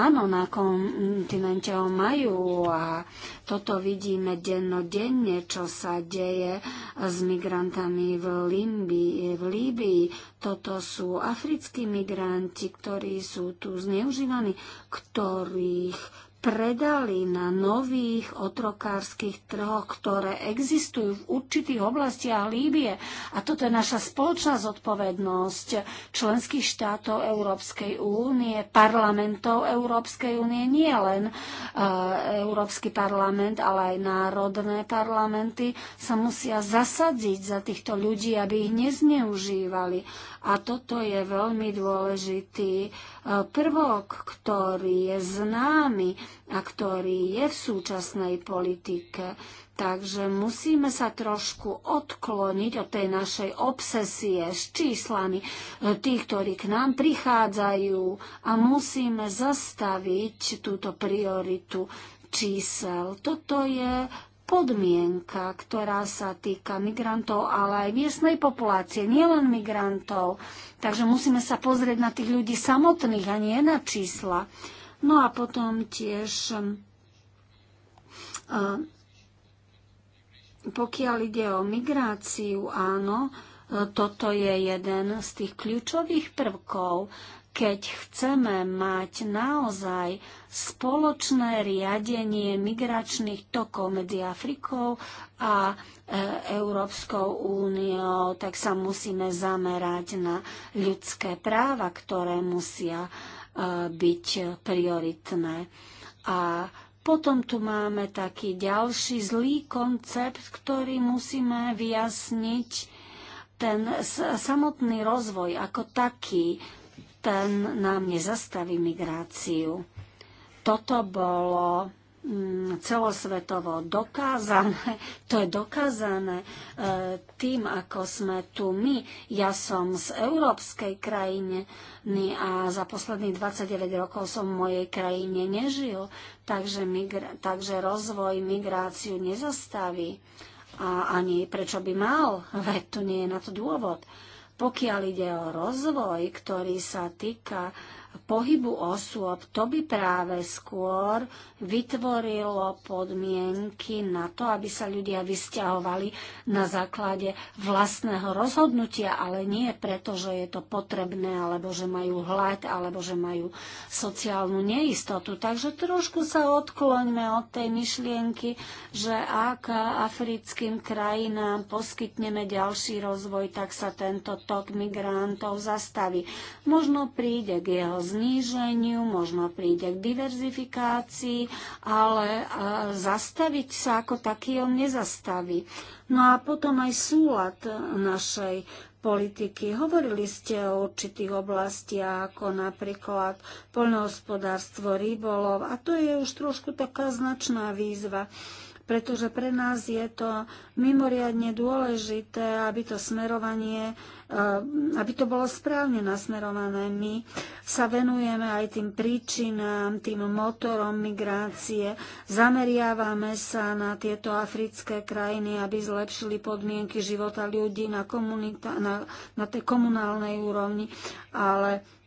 áno, na kontinente ho majú a toto vidíme dennodenne, čo sa deje s migrantami v, Limbi, v Líbii. Toto sú africkí migranti, ktorí sú tu zneužívaní, ktorých predali na nových otrokárskych trhoch, ktoré existujú v určitých oblastiach Líbie. A toto je naša spoločná zodpovednosť členských štátov Európskej únie, parlamentov Európskej únie, nie len eh, Európsky parlament, ale aj národné parlamenty sa musia zasadiť za týchto ľudí, aby ich nezneužívali a toto je veľmi dôležitý e, prvok, ktorý je známy a ktorý je v súčasnej politike. Takže musíme sa trošku odkloniť od tej našej obsesie s číslami e, tých, ktorí k nám prichádzajú a musíme zastaviť túto prioritu čísel. Toto je podmienka, ktorá sa týka migrantov, ale aj miestnej populácie, nielen migrantov. Takže musíme sa pozrieť na tých ľudí samotných a nie na čísla. No a potom tiež, um, uh, pokiaľ ide o migráciu, áno, uh, toto je jeden z tých kľúčových prvkov keď chceme mať naozaj spoločné riadenie migračných tokov medzi Afrikou a e, Európskou úniou, tak sa musíme zamerať na ľudské práva, ktoré musia e, byť prioritné. A potom tu máme taký ďalší zlý koncept, ktorý musíme vyjasniť ten samotný rozvoj ako taký ten nám nezastaví migráciu. Toto bolo mm, celosvetovo dokázané, to je dokázané e, tým, ako sme tu my. Ja som z európskej krajiny a za posledných 29 rokov som v mojej krajine nežil, takže, migra- takže rozvoj migráciu nezastaví. A ani prečo by mal, veď tu nie je na to dôvod. E, pokiaľ ide o rozvoj, ktorý sa týka pohybu osôb, to by práve skôr vytvorilo podmienky na to, aby sa ľudia vysťahovali na základe vlastného rozhodnutia, ale nie preto, že je to potrebné, alebo že majú hlad, alebo že majú sociálnu neistotu. Takže trošku sa odkloňme od tej myšlienky, že ak africkým krajinám poskytneme ďalší rozvoj, tak sa tento tok migrantov zastaví. Možno príde k jeho zníženiu, možno príde k diverzifikácii, ale e, zastaviť sa ako taký on nezastaví. No a potom aj súlad našej politiky. Hovorili ste o určitých oblastiach, ako napríklad poľnohospodárstvo, rybolov, a to je už trošku taká značná výzva pretože pre nás je to mimoriadne dôležité, aby to smerovanie, e, aby to bolo správne nasmerované. My sa venujeme aj tým príčinám, tým motorom migrácie, zameriavame sa na tieto africké krajiny, aby zlepšili podmienky života ľudí na, komunita- na, na tej komunálnej úrovni, ale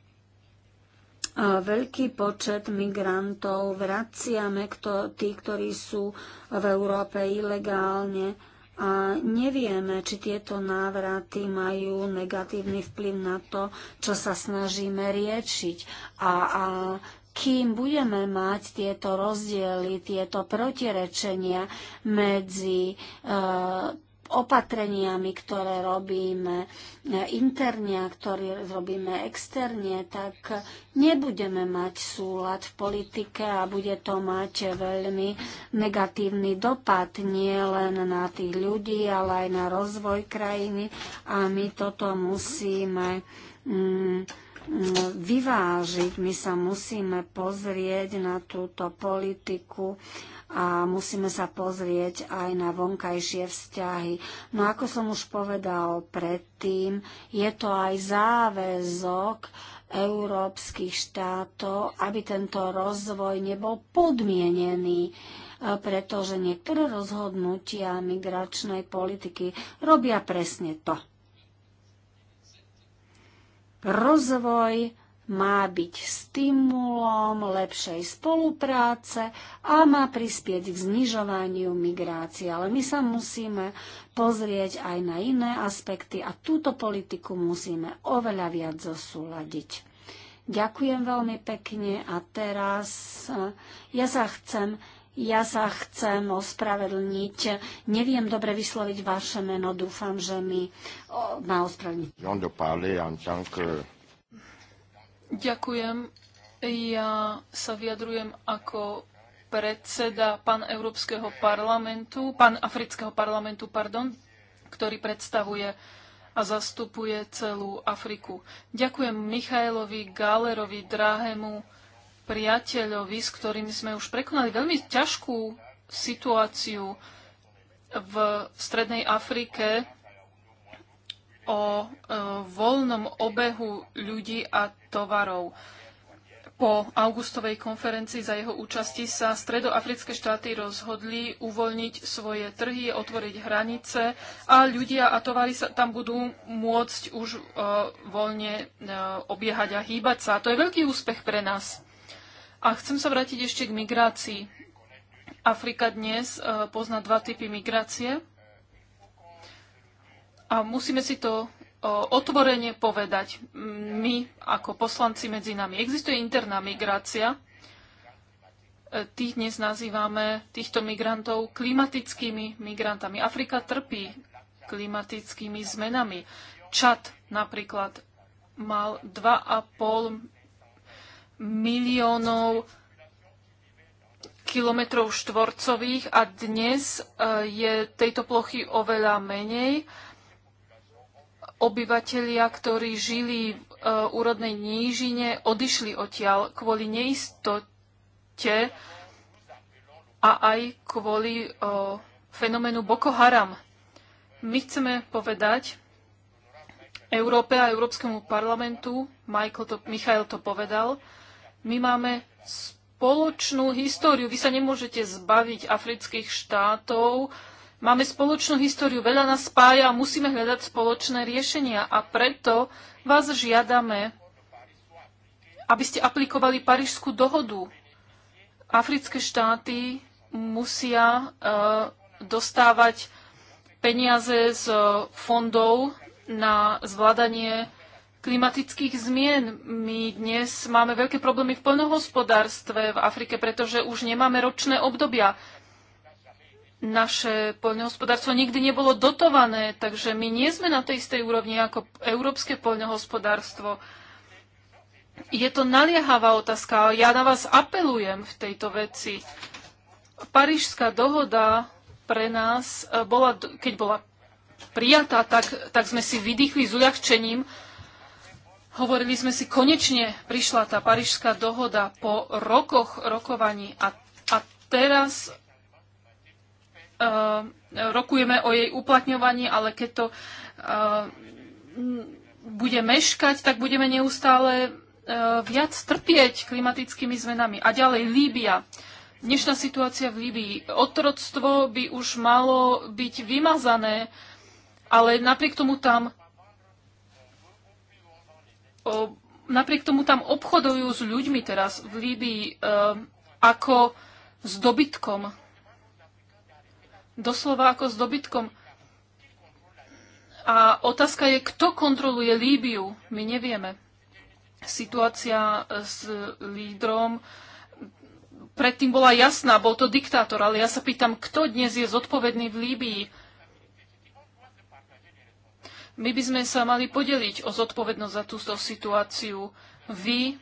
veľký počet migrantov vraciame, kto, tí, ktorí sú v Európe ilegálne a nevieme, či tieto návraty majú negatívny vplyv na to, čo sa snažíme riešiť. A, a kým budeme mať tieto rozdiely, tieto protirečenia medzi e, opatreniami, ktoré robíme e, interne a ktoré robíme externe, tak nebudeme mať súlad v politike a bude to mať veľmi negatívny dopad nie len na tých ľudí, ale aj na rozvoj krajiny a my toto musíme mm, mm vyvážiť. My sa musíme pozrieť na túto politiku a musíme sa pozrieť aj na vonkajšie vzťahy. No ako som už povedal predtým, je to aj záväzok európskych štátov, aby tento rozvoj nebol podmienený e, pretože niektoré rozhodnutia migračnej politiky robia presne to. Rozvoj má byť stimulom lepšej spolupráce a má prispieť k znižovaniu migrácie. Ale my sa musíme pozrieť aj na iné aspekty a túto politiku musíme oveľa viac zosúľadiť. Ďakujem veľmi pekne a teraz eh, ja sa chcem ja sa chcem ospravedlniť. Neviem dobre vysloviť vaše meno, dúfam, že mi eh, má ospravedlniť. Ďakujem. Ja sa vyjadrujem ako predseda pan Európskeho parlamentu, pan Afrického parlamentu, pardon, ktorý predstavuje a zastupuje celú Afriku. Ďakujem Michailovi Gálerovi, drahému priateľovi, s ktorým sme už prekonali veľmi ťažkú situáciu v Strednej Afrike o e, voľnom obehu ľudí a tovarov. Po augustovej konferencii za jeho účasti sa stredoafrické štáty rozhodli uvoľniť svoje trhy, otvoriť hranice a ľudia a tovary sa tam budú môcť už e, voľne e, obiehať a hýbať sa. A to je veľký úspech pre nás. A chcem sa vrátiť ešte k migrácii. Afrika dnes pozná dva typy migrácie. A musíme si to otvorene povedať. My, ako poslanci medzi nami, existuje interná migrácia. E, tých dnes nazývame týchto migrantov klimatickými migrantami. Afrika trpí klimatickými zmenami. Čad napríklad mal 2,5 miliónov kilometrov štvorcových a dnes e, je tejto plochy oveľa menej obyvatelia, ktorí žili v e, úrodnej nížine, odišli odtiaľ kvôli neistote a aj kvôli o, e, fenoménu Boko Haram. My chceme povedať Európe a Európskemu parlamentu, Michael to, Michael to povedal, my máme spoločnú históriu. Vy sa nemôžete zbaviť afrických štátov, Máme spoločnú históriu, veľa nás spája a musíme hľadať spoločné riešenia. A preto vás žiadame, aby ste aplikovali Parížskú dohodu. Africké štáty musia uh, dostávať peniaze z fondov na zvládanie klimatických zmien. My dnes máme veľké problémy v plnohospodárstve v Afrike, pretože už nemáme ročné obdobia naše poľnohospodárstvo nikdy nebolo dotované, takže my nie sme na tej istej úrovni ako európske poľnohospodárstvo. Je to naliehavá otázka, ale ja na vás apelujem v tejto veci. Parížská dohoda pre nás eh, bola, keď bola prijatá, tak, tak sme si vydýchli s uľahčením. Hovorili sme si, konečne prišla tá Parížská dohoda po rokoch rokovaní a, a teraz Eh, rokujeme o jej uplatňovaní, ale keď to eh, bude meškať, tak budeme neustále eh, viac trpieť klimatickými zmenami. A ďalej Líbia. Dnešná situácia v Líbii. Otroctvo by už malo byť vymazané, ale napriek tomu tam napriek tomu tam obchodujú s ľuďmi teraz v Líbii ako s dobytkom doslova ako s dobytkom. A otázka je, kto kontroluje Líbiu. My nevieme. Situácia e, s lídrom predtým bola jasná, bol to diktátor, ale ja sa pýtam, kto dnes je zodpovedný v Líbii? My by sme sa mali podeliť o zodpovednosť za túto situáciu. Vy,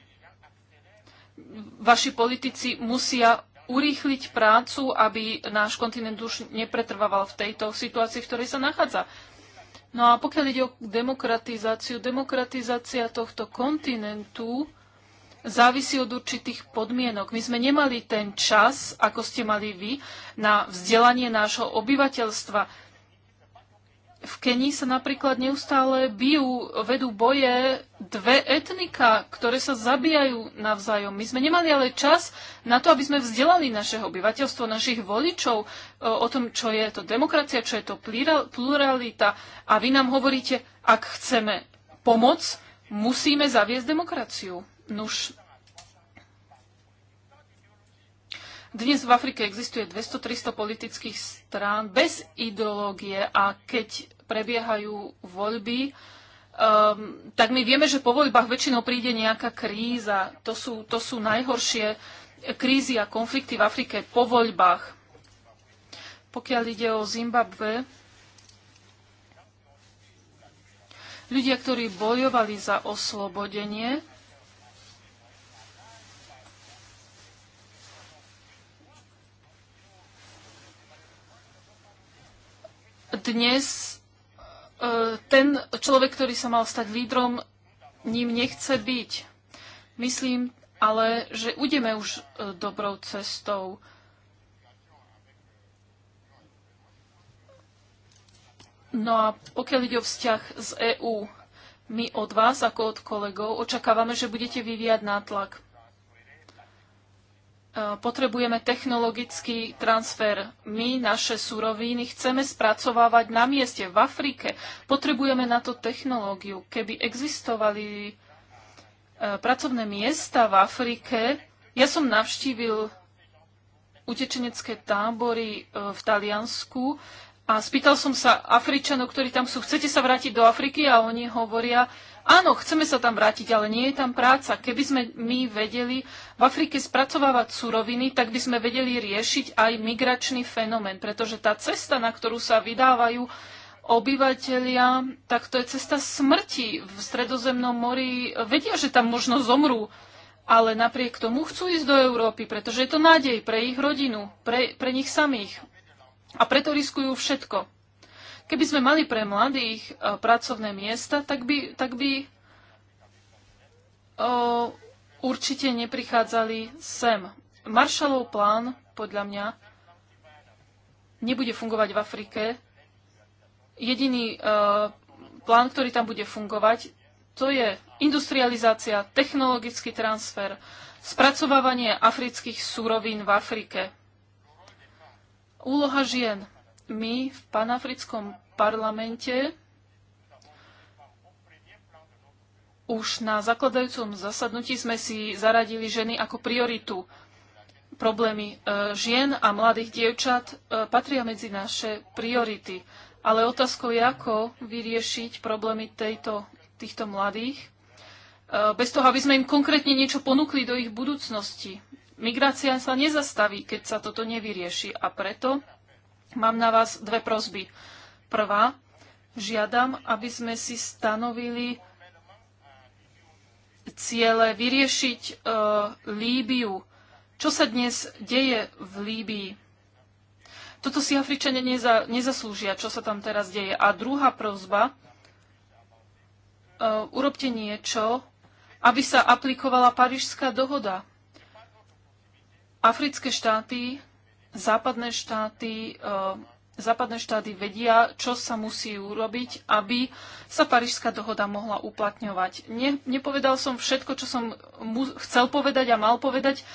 vaši politici musia urýchliť prácu, aby náš kontinent už nepretrvával v tejto situácii, v ktorej sa nachádza. No a pokiaľ ide o demokratizáciu, demokratizácia tohto kontinentu závisí od určitých podmienok. My sme nemali ten čas, ako ste mali vy, na vzdelanie nášho obyvateľstva v Kenii sa napríklad neustále bijú, vedú boje dve etnika, ktoré sa zabíjajú navzájom. My sme nemali ale čas na to, aby sme vzdelali naše obyvateľstvo, našich voličov e, o tom, čo je to demokracia, čo je to pluralita. A vy nám hovoríte, ak chceme pomoc, musíme zaviesť demokraciu. Nuž, Dnes v Afrike existuje 200-300 politických strán bez ideológie a keď prebiehajú voľby, um, tak my vieme, že po voľbách väčšinou príde nejaká kríza. To sú, to sú najhoršie krízy a konflikty v Afrike po voľbách. Pokiaľ ide o Zimbabwe, ľudia, ktorí bojovali za oslobodenie, dnes e, ten človek, ktorý sa mal stať lídrom, ním nechce byť. Myslím ale, že ideme už e, dobrou cestou. No a pokiaľ ide o vzťah z EÚ, my od vás, ako od kolegov, očakávame, že budete vyvíjať nátlak. Eh, potrebujeme technologický transfer. My naše suroviny chceme spracovávať na mieste v Afrike. Potrebujeme na to technológiu. Keby existovali eh, pracovné miesta v Afrike, ja som navštívil utečenecké tábory eh, v Taliansku a spýtal som sa Afričanov, ktorí tam sú, chcete sa vrátiť do Afriky? A oni hovoria, Áno, chceme sa tam vrátiť, ale nie je tam práca. Keby sme my vedeli v Afrike spracovávať suroviny, tak by sme vedeli riešiť aj migračný fenomén, pretože tá cesta, na ktorú sa vydávajú obyvateľia, tak to je cesta smrti. V Stredozemnom mori vedia, že tam možno zomrú, ale napriek tomu chcú ísť do Európy, pretože je to nádej pre ich rodinu, pre, pre nich samých. A preto riskujú všetko. Keby sme mali pre mladých e, pracovné miesta, tak by, tak by o, e, určite neprichádzali sem. Maršalov plán, podľa mňa, nebude fungovať v Afrike. Jediný uh, plán, ktorý tam bude fungovať, to je industrializácia, technologický transfer, spracovávanie afrických súrovín v Afrike. Úloha žien my v panafrickom parlamente už na zakladajúcom zasadnutí sme si zaradili ženy ako prioritu. Problémy e, žien a mladých dievčat e, patria medzi naše priority. Ale otázkou je, ako vyriešiť problémy tejto, týchto mladých, e, bez toho, aby sme im konkrétne niečo ponúkli do ich budúcnosti. Migrácia sa nezastaví, keď sa toto nevyrieši. A preto Mám na vás dve prosby. Prvá, žiadam, aby sme si stanovili ciele vyriešiť uh, Líbiu. Čo sa dnes deje v Líbii? Toto si Afričania neza, nezaslúžia, čo sa tam teraz deje. A druhá prozba, uh, e, urobte niečo, aby sa aplikovala Parížská dohoda. Africké štáty západné štáty, eh, západné štáty vedia, čo sa musí urobiť, aby sa Parížská dohoda mohla uplatňovať. Ne, nepovedal som všetko, čo som mu, chcel povedať a mal povedať,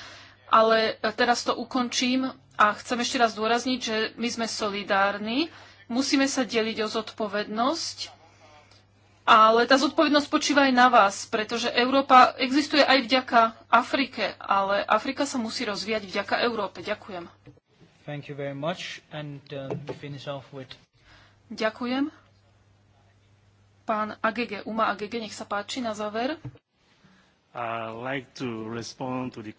ale teraz to ukončím a chcem ešte raz dôrazniť, že my sme solidárni, musíme sa deliť o zodpovednosť, ale tá zodpovednosť počíva aj na vás, pretože Európa existuje aj vďaka Afrike, ale Afrika sa musí rozvíjať vďaka Európe. Ďakujem. Thank you very much. And uh, we finish off with... Ďakujem. Pán Agege, Uma Agege, nech sa páči na záver. like to to e,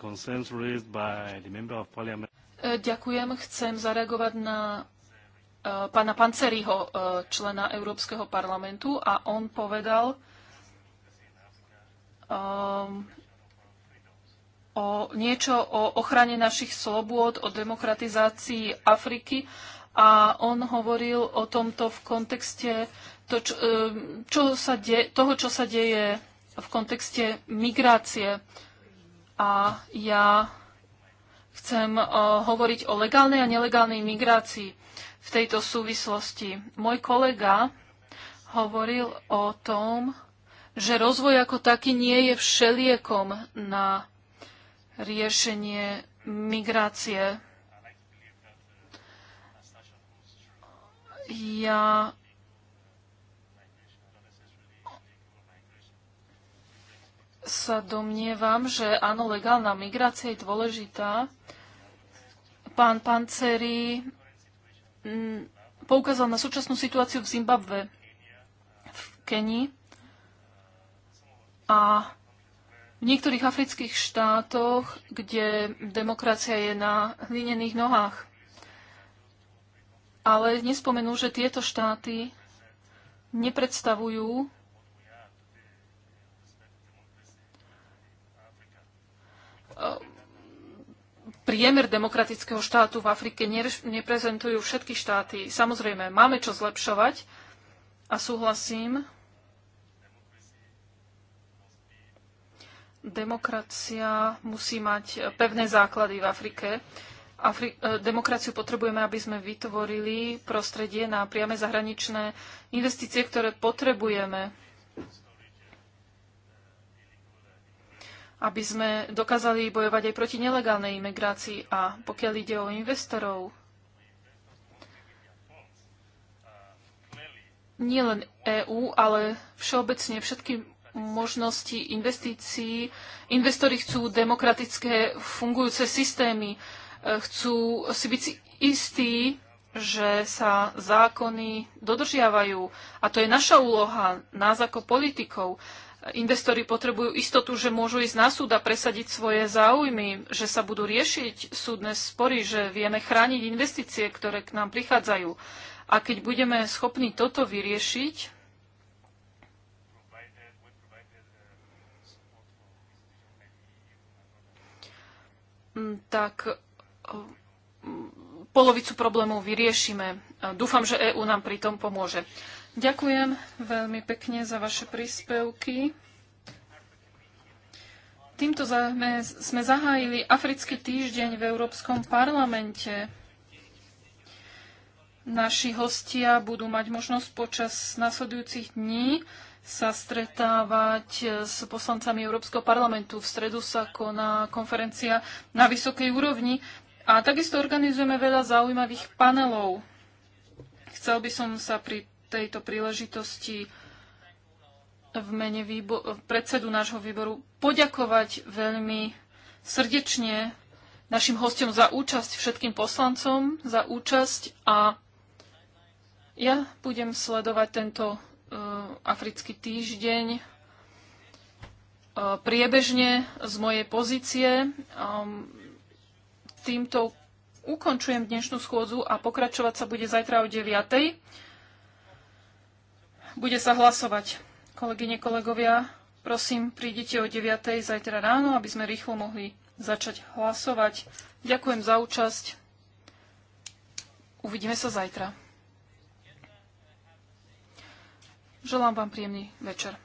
Ďakujem. Chcem zareagovať na uh, pána Panceriho, uh, člena Európskeho parlamentu, a on povedal, um, o niečo o ochrane našich slobôd, o demokratizácii Afriky a on hovoril o tomto v kontexte to, čo, e, čo sa de, toho, čo sa deje v kontexte migrácie. A ja chcem e, hovoriť o legálnej a nelegálnej migrácii v tejto súvislosti. Môj kolega hovoril o tom, že rozvoj ako taký nie je všeliekom na riešenie migrácie. Ja sa domnievam, že áno, legálna migrácia je dôležitá. Pán Panceri mm, poukázal na súčasnú situáciu v Zimbabve, v Kenii. A v niektorých afrických štátoch, kde demokracia je na hlinených nohách. Ale nespomenú, že tieto štáty nepredstavujú priemer demokratického štátu v Afrike neprezentujú všetky štáty. Samozrejme, máme čo zlepšovať a súhlasím Demokracia musí mať pevné základy v Afrike. Afri- e, demokraciu potrebujeme, aby sme vytvorili prostredie na priame zahraničné investície, ktoré potrebujeme, aby sme dokázali bojovať aj proti nelegálnej imigrácii. A pokiaľ ide o investorov, nielen EÚ, ale všeobecne všetky možnosti investícií. Investori chcú demokratické fungujúce systémy, e, chcú si byť istí, že sa zákony dodržiavajú. A to je naša úloha, nás ako politikov. Investori potrebujú istotu, že môžu ísť na súd a presadiť svoje záujmy, že sa budú riešiť súdne spory, že vieme chrániť investície, ktoré k nám prichádzajú. A keď budeme schopní toto vyriešiť, Mm, tak polovicu problémov vyriešime. Dúfam, že EÚ nám pri tom pomôže. Ďakujem veľmi pekne za vaše príspevky. Týmto sme, sme zahájili Africký týždeň v Európskom parlamente. Naši hostia budú mať možnosť počas nasledujúcich dní sa stretávať eh, s poslancami Európskeho parlamentu. V stredu sa koná konferencia na vysokej úrovni a takisto organizujeme veľa zaujímavých panelov. Chcel by som sa pri tejto príležitosti v mene predsedu nášho výboru poďakovať veľmi srdečne našim hostom za účasť, všetkým poslancom za účasť a ja budem sledovať tento Eh, africký týždeň. Eh, priebežne z mojej pozície ehm, týmto ukončujem dnešnú schôdzu a pokračovať sa bude zajtra o 9. Bude sa hlasovať. Kolegyne, kolegovia, prosím, prídite o 9. zajtra ráno, aby sme rýchlo mohli začať hlasovať. Ďakujem za účasť. Uvidíme sa zajtra. Želám vám príjemný večer.